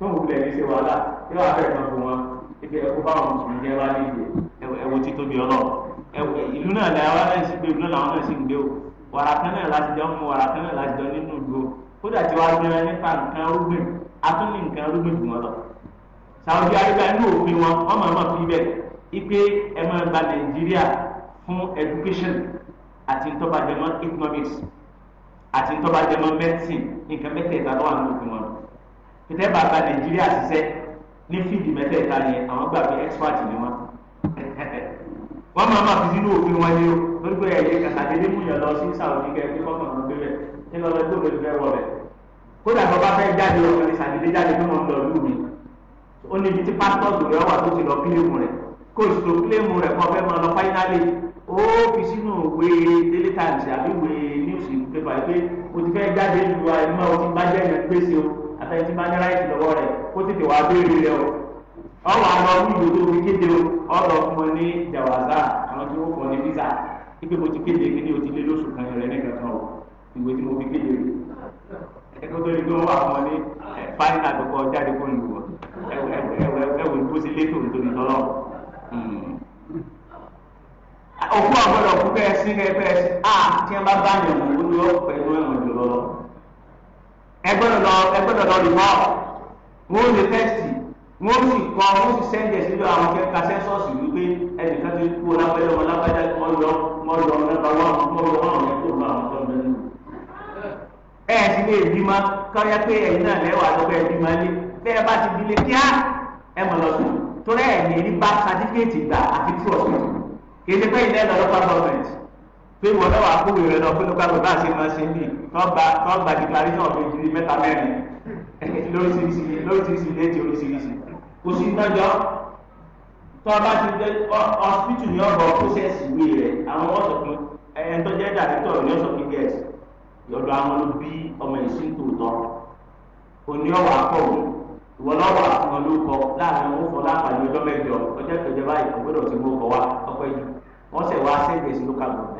tó ń ní ṣe wàhálà tí wàá fẹ́ kan fún wọn ibi ẹ̀kọ́ báwọn mùsùlùmí jẹ́ wá ní ìgbè ẹ̀wọ̀ tí tóbi ọlọ́ọ̀ ìlú náà làwọn náà sì gbé ìlú náà sì ń gbé o wàrà kan náà láti jọ mú wàrà kan náà láti jọ nínú ìlú kódà tí wàá gbéra nípa nǹkan rúgbìn atúnni nǹkan rúgbìn jù wọn lọ Saudi Arabia inú òfin wọn wọn máa máa fi bẹ́ẹ̀ ipe ẹ máa gba Nàìjíríà fún education àti ntọ́bajẹmọ́ economics àti ntọ́bajẹmọ́ medicine nǹkan mẹ́tẹ̀ẹ̀ta lọ́wọ́ àwọn òfin wọn lọ pété bàbá nàìjíríà ṣiṣẹ́ ní fíìdì mẹ́tẹ̀ẹ̀ta yẹn àwọn gbà pé expert ni wọ́n wọ́n máa máa fi sínú òfin wọn ni o lórí pé ẹ̀yẹ kàtàkì mú yàn lọ sí sàwùdí kẹ́kẹ́ kí kọ́kàn ló débẹ̀ kí lọ lọ gbọ́dọ̀ fẹ́ wọ bẹ̀ kódà tó bá fẹ́ jáde ọ̀kan ní sàdédé jáde tó máa ń lọ lù mí ó ní ibi tí pásítọ̀tù rẹ wà tó ti lọ kílèmù rẹ kó o sì lọ kílèmù rẹ kó o fẹ́ máa lọ fáínálì ó fi sínú ìwé daily times àbí ìwé news paper pé o ti fẹ́ jáde lu àìmọ́ o ti bá jẹ́ ìrìn gbèsè o àtẹnudí bá ní ráìtì lọ́wọ́ rẹ̀ kó tètè wá béèrè rẹ̀ o ọwọ́ àwọn wíwò tó fi kéde o ọ̀rọ̀ fún wọn ní jàwàzà àwọn tí wọ́n kọ́ ní visa ipe mo ti kéde kí ni o ti lé lóṣù kan rẹ̀ nìkan kan o ìwé tí mo fi kéde rẹ̀ ẹ̀kọ́ tó ní kí wọ́n wà fún wọn ní fáìnà àtọkọ jáde kó nù wọ́n ẹ̀wọ̀ ìbú sí létò nítorí tọ́lọ́ òkú àgbọ̀dọ̀ fún kẹ́ẹ̀sì kẹ́ẹ̀sì à tí wọ́n bá bá yàn mọ́ ó ní ọ̀pẹ̀ ìwé ẹ̀wọ̀n jù lọ́lọ́ ẹgbẹ́dọ̀ lọ ẹgbẹ́dọ̀ lọ rí wọ́n wọ́n lè tẹ́sì wọ́n sì kọ́ wọ́n sì sẹ́ńdì ẹ̀sìn lọ àwọn kẹta sẹ́ńsọ̀sì wípé ẹnìkan ti kú ọlápẹ́lẹ́ wọn lápẹ́lẹ́ wọn lọ wọn lọ nípa wọn wọn lọ wọn yẹn kó lọ àwọn tó ń bẹ nínú. ẹ ẹ ti lè bí ma káyọ pé ẹ̀yin náà lẹwà lọgbẹ bí ma lé bẹ́ẹ̀ bá ti di lé kíá ẹ mọ lọ sùn torí ẹ ní bá sátífíkẹtì gbà àti tíwọ sùn kì í ṣe pé ilé ẹ lọ lọ pa gọọmenti pé ìwọ náà wà kó wèrè lọ pé ló gbàgbọ́ bá a ṣe máa ṣe mí tọ́ba tọ́ba dìklarí náà fi mẹ́ta mẹ́rin lóríṣiríṣi lóríṣiríṣi léèdì oríṣiríṣi kò sí ti dé ní ọgbọ ìwé àwọn ọ̀sọ̀ kan tó jẹ́ ní ọ̀sọ̀ gẹ̀ẹ́sì yọ̀dọ̀ àwọn tòótọ́ ìwọ láàrin owó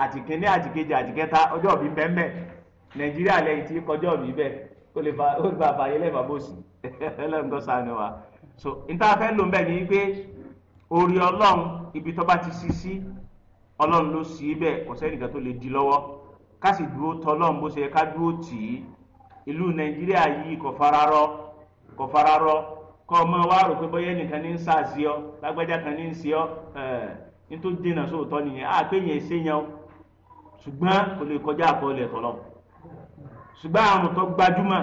àtìkíní àtìkejì àtìkẹta ọjọ́ òbí bẹ́ẹ̀ nàìjíríà lẹ́yìn tí kọjọ́ òbí bẹ́ẹ̀ ó lè fa ó lè fa àfààyè bàbá òsì ẹlẹ́yìn wa so níta fẹ́ lò ń bẹ̀ ibi ti sí sí ọlọ́run ló sì í kò tó lè di lọ́wọ́ ká sì dúró tọ́lọ́run bó ṣe yẹ ká dúró tì í ìlú nàìjíríà yìí kò fararọ kò fararọ kọ́ ọmọ wa rò pé ní ṣùgbọ́n kò lè kọjá àkọọ́lẹ̀ tọ́lọ̀ ṣùgbọ́n àrùn tó gbajúmọ̀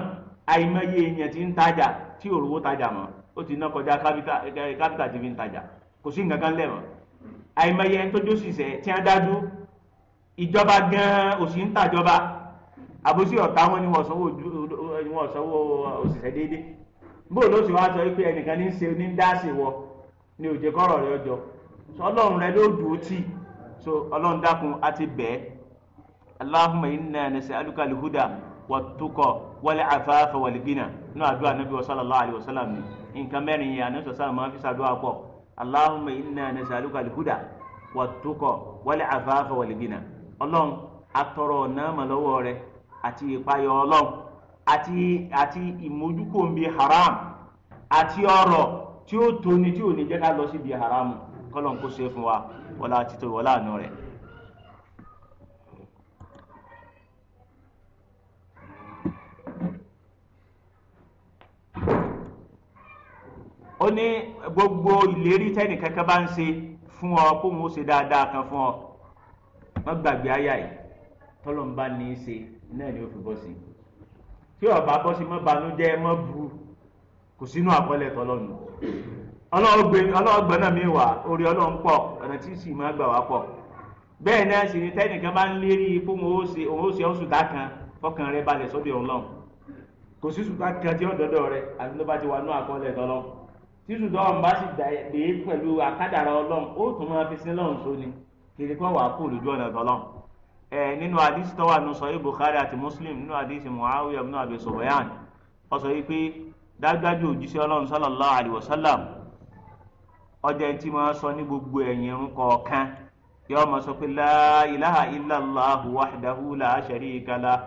àìmọye èèyàn ti ń tajà tí òrówó tajà mọ́ ó ti ná kọjá kápítà eh, eh, tí fi ń tajà kò sí nǹkan kan lẹ̀ mọ́ àìmọye ẹni tó jósìsẹ́ tí wọ́n dájú ìjọba gan-an òsì ń tàjọba àbòsí ọ̀tá wọn ni wọ́n sanwó òṣìṣẹ́ déédéé bó ló sì wá sọ pé ẹnìkan ní ṣe ní dá wọ ni òjò kọ́rọ̀ rẹ ọlọ́run rẹ ló dùn ó tì so ọlọ́run dákun á ti bẹ́ẹ̀ allahumma inna nas'aluka al-huda wat-tuqa wal-afafa wal-ghina nínú àdúrà nabi sallallahu alayhi wa sallam ni nǹkan mẹ́rin yẹn àná sọ̀sán máa ń fi sàdúrà pọ̀ allahumma inna nas'aluka al-huda wat-tuqa wal-afafa wal-ghina ọlọ́run atọrọ náà mà lọ́wọ́ rẹ àti ìpayọ̀ ọlọ́run àti àti ìmójúkòmbi haram àti ọrọ̀ tí ó tóni tí ò ní jẹ́ ká lọ síbi haram kọ́lọ́n kó ṣe fún wa wọlá títọ́ wọlá àánú rẹ̀. ó ní gbogbo ìlérí tẹ́nì kankan bá ń ṣe fún ọ kó wọn ó ṣe kan fún ọ ma gbàgbé àyà yìí tọ́lọ́n bá ní í ṣe náà ni ó fi bọ́ sí tí ọba ma sí bu kò sínú àkọọ́lẹ̀ tọ́lọ́nù ọlọ́run náà mi wà orí ọlọ́run pọ̀ ọ̀nà tí sì máa gbà wá náà sì ni bá ń lérí kó wọn ó ṣe òun ó ṣe dá kan fọkàn tí ṣùgbọ́n bá sì e dé pẹ̀lú àkádàrà ọlọ́run ó tún máa fi sí lọ́run sóni kiri kọ́ wàá kú lójú ọ̀nà tọ́lọ́run ẹ nínú àdìsí tọ́wà nù sọ yìí Bukhari àti Muslim nínú àdìsí Muawiya ibn Abi Sufyan ó sọ yìí pé dájúdájú òjíṣẹ́ ọlọ́run sallallahu alaihi wasallam ọjà tí máa sọ ní gbogbo ẹ̀yìn irun kọ̀ọ̀kan yóò máa sọ pé la ilaha illallah wahdahu la sharika lah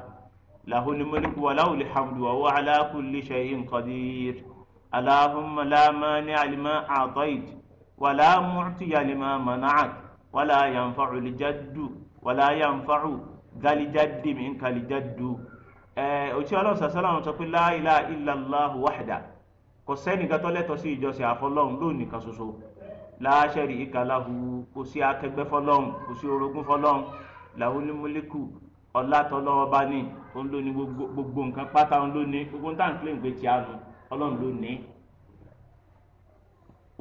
lahul mulku wa lahul hamdu wa اللهم لا مانع لما أعطيت ولا معطي لما منعت ولا ينفع الجد ولا ينفع ذا الجد منك الجد òtí ọlọ́run sàṣàlàmù sọ pé la ilaha illallah wahda kò sẹ́nìkan tó lẹ́tọ̀ọ́ sí ìjọsìn àfọlọ́run lónìí kan ṣoṣo la sharika lahu kò sí akẹgbẹ́ fọlọ́run kò sí orogún fọlọ́run lahul mulku ọ̀làtọ̀lọ́wọ́ bá ní òun lónìí gbogbo nǹkan pátá òun lónìí gbogbo nǹkan tá à ń pè ń gbé tí a nù ọlọ́run ló ní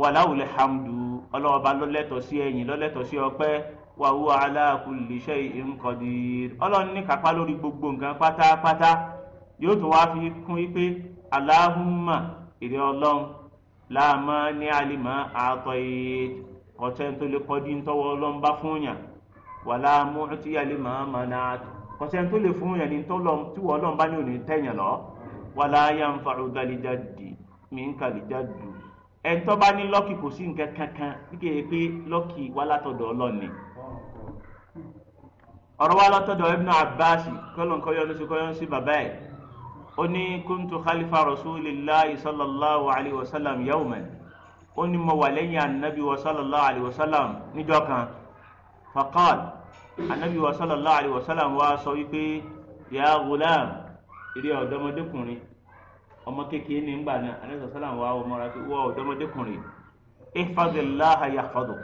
wàláwùlẹ̀ hamdu ọlọ́run bá lọ́lẹ́tọ̀ sí ẹ̀yìn lọ́lẹ́tọ̀ sí ọpẹ́ wa huwa ala kulli shay'in qadir ọlọ́run ní kápá lórí gbogbo nǹkan pátápátá yóò tún wáá fi kún yí pé aláhùnmá èrè ọlọ́run láàmá ní àlìmọ́ àtọ̀ yìí kọ̀tẹ́ tó lè kọ́ dín ọlọ́run bá fún yàn wàlá mú ọtí àlìmọ́ mọ́nà kọ̀tẹ́ tó lè fún yàn ní tọ́lọ́ ọlọ́run bá ní òní tẹ̀yàn lọ́ọ́ wàlá yanfàrú dàlídàdì mìínkàlídàdù ẹ̀ńtọ́ bá ní lọ́kì kò sí nǹkan kankan bí kì í pé lọ́kì wà látọ̀dọ̀ ọlọ́ni ọ̀rọ̀ wa látọ̀dọ̀ ibn abbas kọ́lọ̀nkọ́yọ́ ló ṣe kọ́yọ́ sí bàbá ẹ̀ ó ní kuntu khalifa rasulillahi sallallahu alayhi wa sallam yawman ó ní mo wà lẹ́yìn anabi wa sallallahu alayhi wa sallam níjọ́ kan faqal anabi wa sallallahu alayhi wa sallam wá sọ wípé ya gulam eré ọ̀dọ́mọdékùnrin ọmọ kékeré ní ngbà náà alẹ́ sọ̀sọ́ wà wọ́n mọ́ra pé ọ̀dọ́mọdékùnrin ifadilaha yafadu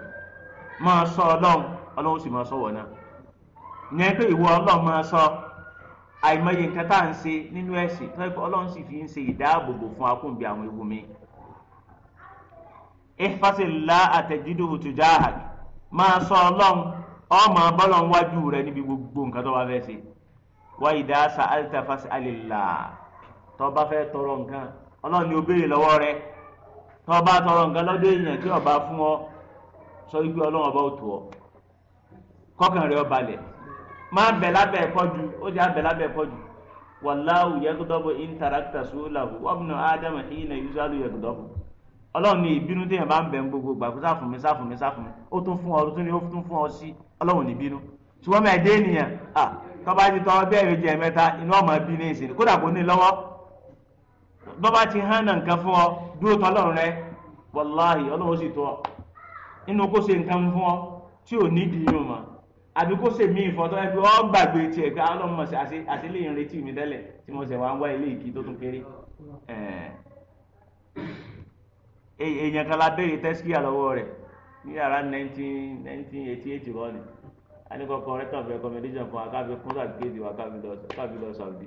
máa sọ ọlọ́run ọlọ́run sì máa sọ wọ̀ náà ìyẹn pé ìwọ ọlọ́run máa sọ àìmọye nǹkan tá à ń ṣe fi ń ṣe ìdáàbòbò fún akóńbi àwọn ewu mi máa sọ ọlọ́run bọ́lọ̀ wájú gbogbo nǹkan tó wa idha sa'alta fas'alillah tó bá fẹ́ tọrọ nǹkan ọlọ́run ni lọ́wọ́ rẹ tó tọrọ nǹkan lọ́dọ̀ èèyàn tí ó fún ọ sọ wípé ọlọ́run ọba ò tó ọ kọ́kàn rẹ ọba balẹ̀ máa bẹ̀ lábẹ́ ẹ̀kọ́jú ó ti abẹ̀ lábẹ́ ẹ̀kọ́jú wàláwù yẹgùdọ́bù íńtàràkítà sùúlàwù wọ́pùnà ádámù ìyìnà yẹgùdọ́bù gbogbo gbà kó ó tún fún tọ́ba ti tọ́ bẹ́ẹ̀ méjì ẹ̀mẹ́ta inú ọmọ bí ní ìsìn kódà kò ní lọ́wọ́ bọ́ba ti hàn náà nǹkan fún ọ dúró rẹ wàláhì ọlọ́run sì tó inú kó ṣe nǹkan fún ọ tí ò ní di yóò mọ̀ àbí kó ṣe mí ìfọ́ tọ́ ọ gbàgbé tiẹ̀ ah, ọlọ́run mọ̀ sí àṣìlè mi tẹ́lẹ̀ tí mo ṣẹ̀ wá ń wá ilé ìkí tó tún kéré èèyàn kan la béèrè tẹ́síkì anikọkọ rẹtàn recommendation kan akáfi kún sàdúgbèsì wa káfi lọ sàbí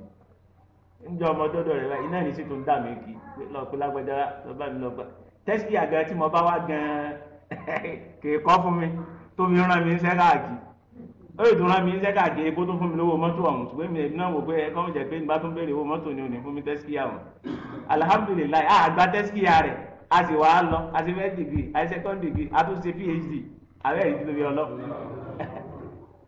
njẹ ọmọ dọdọ rẹ báyìí iná ní sí tó ń dà mí kí lọ pé lágbájá lọ bá mi lọ gbà tẹsí àgbà tí mo bá wá gan kì í kọ fún mi tó fi rán mi iṣẹ́ káàkiri ó yìí tó rán mi iṣẹ́ káàkiri kó tó fún mi lówó mọ́tò ọ̀hún ṣùgbọ́n mi náà wò pé ẹ kọ́ jẹ́ pé nígbà tó ń béèrè owó mọ́tò ni ò ní fún mi tẹ́sí àwọn alihamudulilayi àgbà tẹ́sí rẹ̀ a sì wàá lọ a sì fẹ́ dìgírì a sì sẹ́kọ́ndì dìgírì a tún ṣe phd àbẹ́ ìdílé ọlọ́run.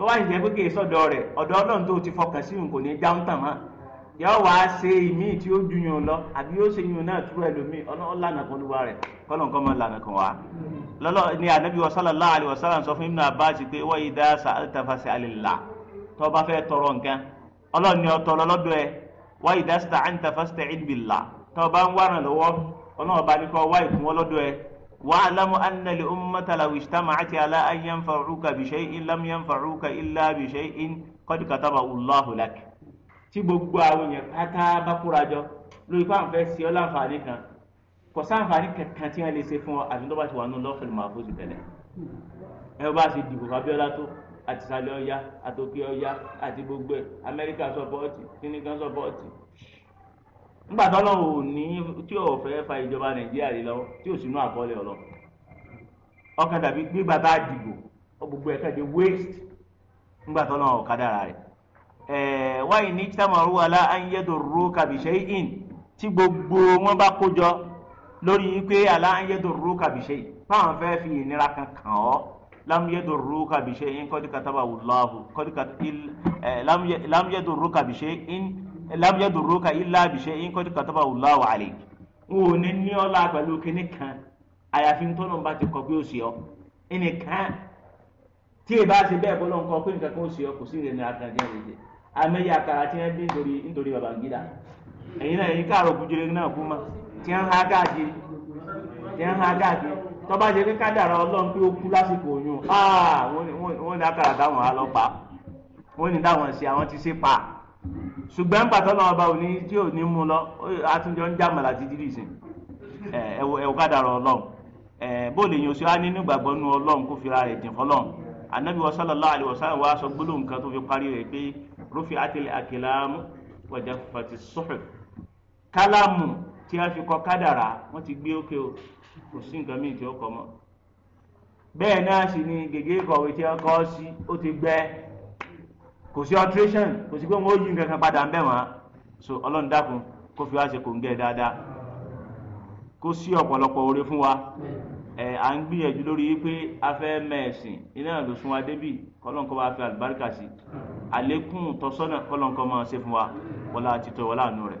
bó wá ìjẹ́ pé kì í sọ̀dọ̀ rẹ̀ ọ̀dọ̀ ọlọ́run tó ti fọkàn sí òun kò ní jáwọ́ tàn mọ́ yọ wá ṣe ìmíì tí ó ju yun lọ àbí yóò ṣe yun náà túrọ̀ ẹlòmíì ọlọ́lànà kan olúwa rẹ̀ kọ́nà kan máa lànà kan wá. lọ́lọ́ ni anabi wa sallallahu alayhi wa sallam sọ fún Ibn Abbas pé wa idha sa'alta fas'alillah tó bá fẹ́ tọrọ nǹkan ọlọ́run ni ó tọrọ lọ́dọ̀ ẹ wa idha ista'anta fasta'in billah tó bá ń wá ràn lọ́wọ́ ọlọ́run bá ní kọ́ wá ìkúnwọ́ lọ́dọ̀ ẹ واعلم أن الأمة لو اجتمعت على أن ينفعوك بشيء لم ينفعوك إلا بشيء قد كتبه الله لك tí gbogbo àwọn èèyàn pátá bá kóra jọ lórí pé àwọn fẹ́ ṣe ọ́ láǹfààní kan kò sáǹfààní kankan tí wọ́n lè ṣe fún ọ àti tó ti wà nù lọ́fẹ̀lú máa fòsì tẹ́lẹ̀ ẹ bá ṣe dìbò fábíọ́lá tó àti sàlẹ̀ àtòkè ọ̀yá àti gbogbo ẹ̀ amẹ́ríkà sọ́pọ́ọ̀tì kíníkan sọ́pọ́ọ̀tì ńgbà tọ́lọ́ ò ní tí ò fẹ́ fa ìjọba nàìjíríà lé lọ́wọ́ tí ò sinu àkọọ́lẹ̀ ọ̀lọ́ ọkàn dàbí pé bàbá àdìgbò gbogbo ẹ̀ kẹ́dẹ̀ waste ńgbà tọ́lọ́ ọ̀kadà rẹ̀ ẹ̀ wáyé ní ala in tí gbogbo wọn bá lórí ala fáwọn fi ìnira kan kàn ọ́ lam yadurruka illa bi shay'in qad katabahu Allahu alayk wọn ò ní ní ọlá pẹ̀lú kínní kan àyàfi ntọ́nà bá ti kọ pé ó sì ọ́ ẹnìkan tí ì bá ṣe bẹ́ẹ̀ kọ́ ló ń kọ pé nǹkan kan ó sì ọ́ kò sí ìrìnà àtàjẹ́ ìrìnà àmẹ́yà àkàrà tí wọ́n bí nítorí nítorí Babangida ẹ̀yin náà ẹ̀yin káàrọ̀ ògùnjẹrẹ náà kú mọ́ tí ń ha káàkiri tí ń ha káàkiri tọ́ba ṣe kí kádàrá ọlọ́run pé ó kú lásìkò oyún ah, wọ́n ní àkàrà táwọn á pa wọ́n ní táwọn ṣe àwọn ti ṣe pa ṣùgbọ́n pàtó náà ọba òní tí ò ní mú lọ àtúnjọ ń jàmàlà títí dì sí ẹ̀wọ̀ ká dàrọ̀ ọlọ́run bóòlù èèyàn oṣù á nínú ìgbàgbọ́ nínú ọlọ́run kó fira rẹ̀ dìn fọlọ́run anabi wa sallallahu alayhi wa sallam wa sọ gbólóhùn kan tó fi parí rẹ̀ pé rufi atele akilamu wàjà fati suhuf kálámù tí a fi kọ kádàrá wọ́n ti gbé òkè o kò sí nǹkan míì tí ó kọ mọ́ bẹ́ẹ̀ náà sì ni gègé ìkọ̀wé tí a kọ sí ó ti gbẹ kò sí alteration kò sí pé wọn ó yí nǹkan kan padà ń so ọlọ́run dákun kó fi wá ṣe kò ń gẹ̀ dáadáa kó sí ọ̀pọ̀lọpọ̀ oore fún wa à ń gbìyànjú lórí pé a fẹ́ mẹ̀sìn iná ló sún wa débì kọ́lọ́n bá fi àlùbáríkà sí àlékún tọ́sọ́nà kọ́lọ́n máa ṣe fún wa wọlá wọlá àánú rẹ̀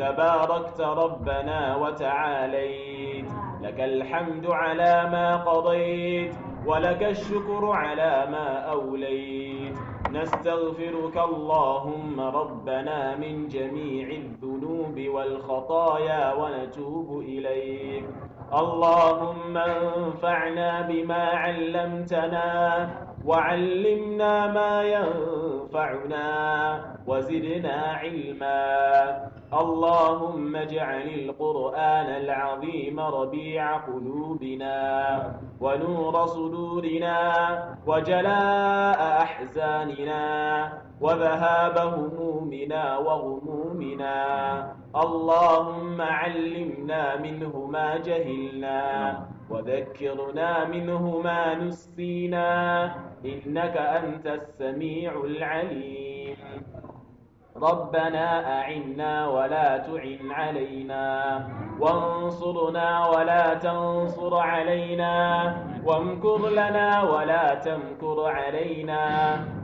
تباركت ربنا وتعاليت لك الحمد على ما قضيت ولك الشكر على ما أوليت نستغفرك اللهم ربنا من جميع الذنوب والخطايا ونتوب إليك اللهم انفعنا بما علمتنا وعلمنا ما ينفعنا وزدنا علما اللهم اجعل القرآن العظيم ربيع قلوبنا ونور صدورنا وجلاء أحزاننا وذهاب همومنا وغمومنا اللهم علمنا منه ما جهلنا وذكرنا منه ما نسينا إنك أنت السميع العليم ربنا أعنا ولا تعن علينا وانصرنا ولا تنصر علينا وامكر لنا ولا تمكر علينا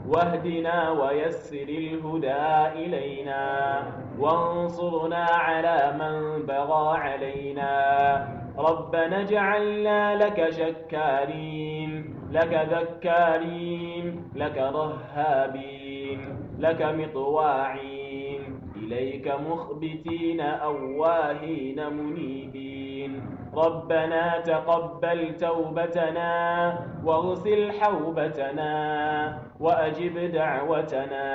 واهدنا ويسر الهدى إلينا وانصرنا على من بغى علينا ربنا اجعلنا لك شكارين لك ذكارين لك رهابين لك مطواعين إليك مخبتين أواهين منيبين ربنا تقبل توبتنا واغسل حوبتنا وأجب دعوتنا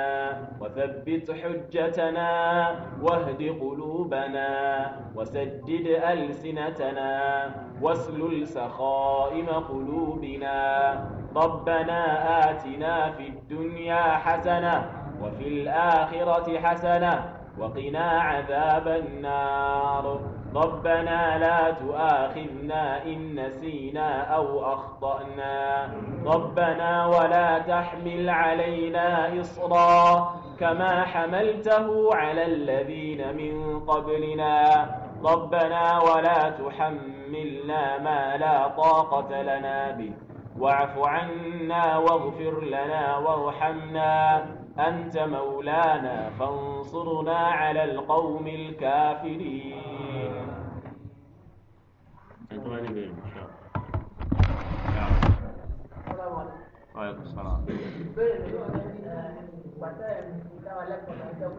وثبت حجتنا واهد قلوبنا وسدد ألسنتنا واسلل سخائم قلوبنا ربنا آتنا في الدنيا حسنة وفي الآخرة حسنة وقنا عذاب النار ربنا لا تؤاخذنا إن نسينا أو أخطأنا ربنا ولا تحمل علينا إصرا كما حملته على الذين من قبلنا ربنا ولا تحملنا ما لا طاقة لنا به واعف عنا واغفر لنا وارحمنا أنت مولانا فانصرنا على القوم الكافرين غالبا ان
شاء وعليكم السلام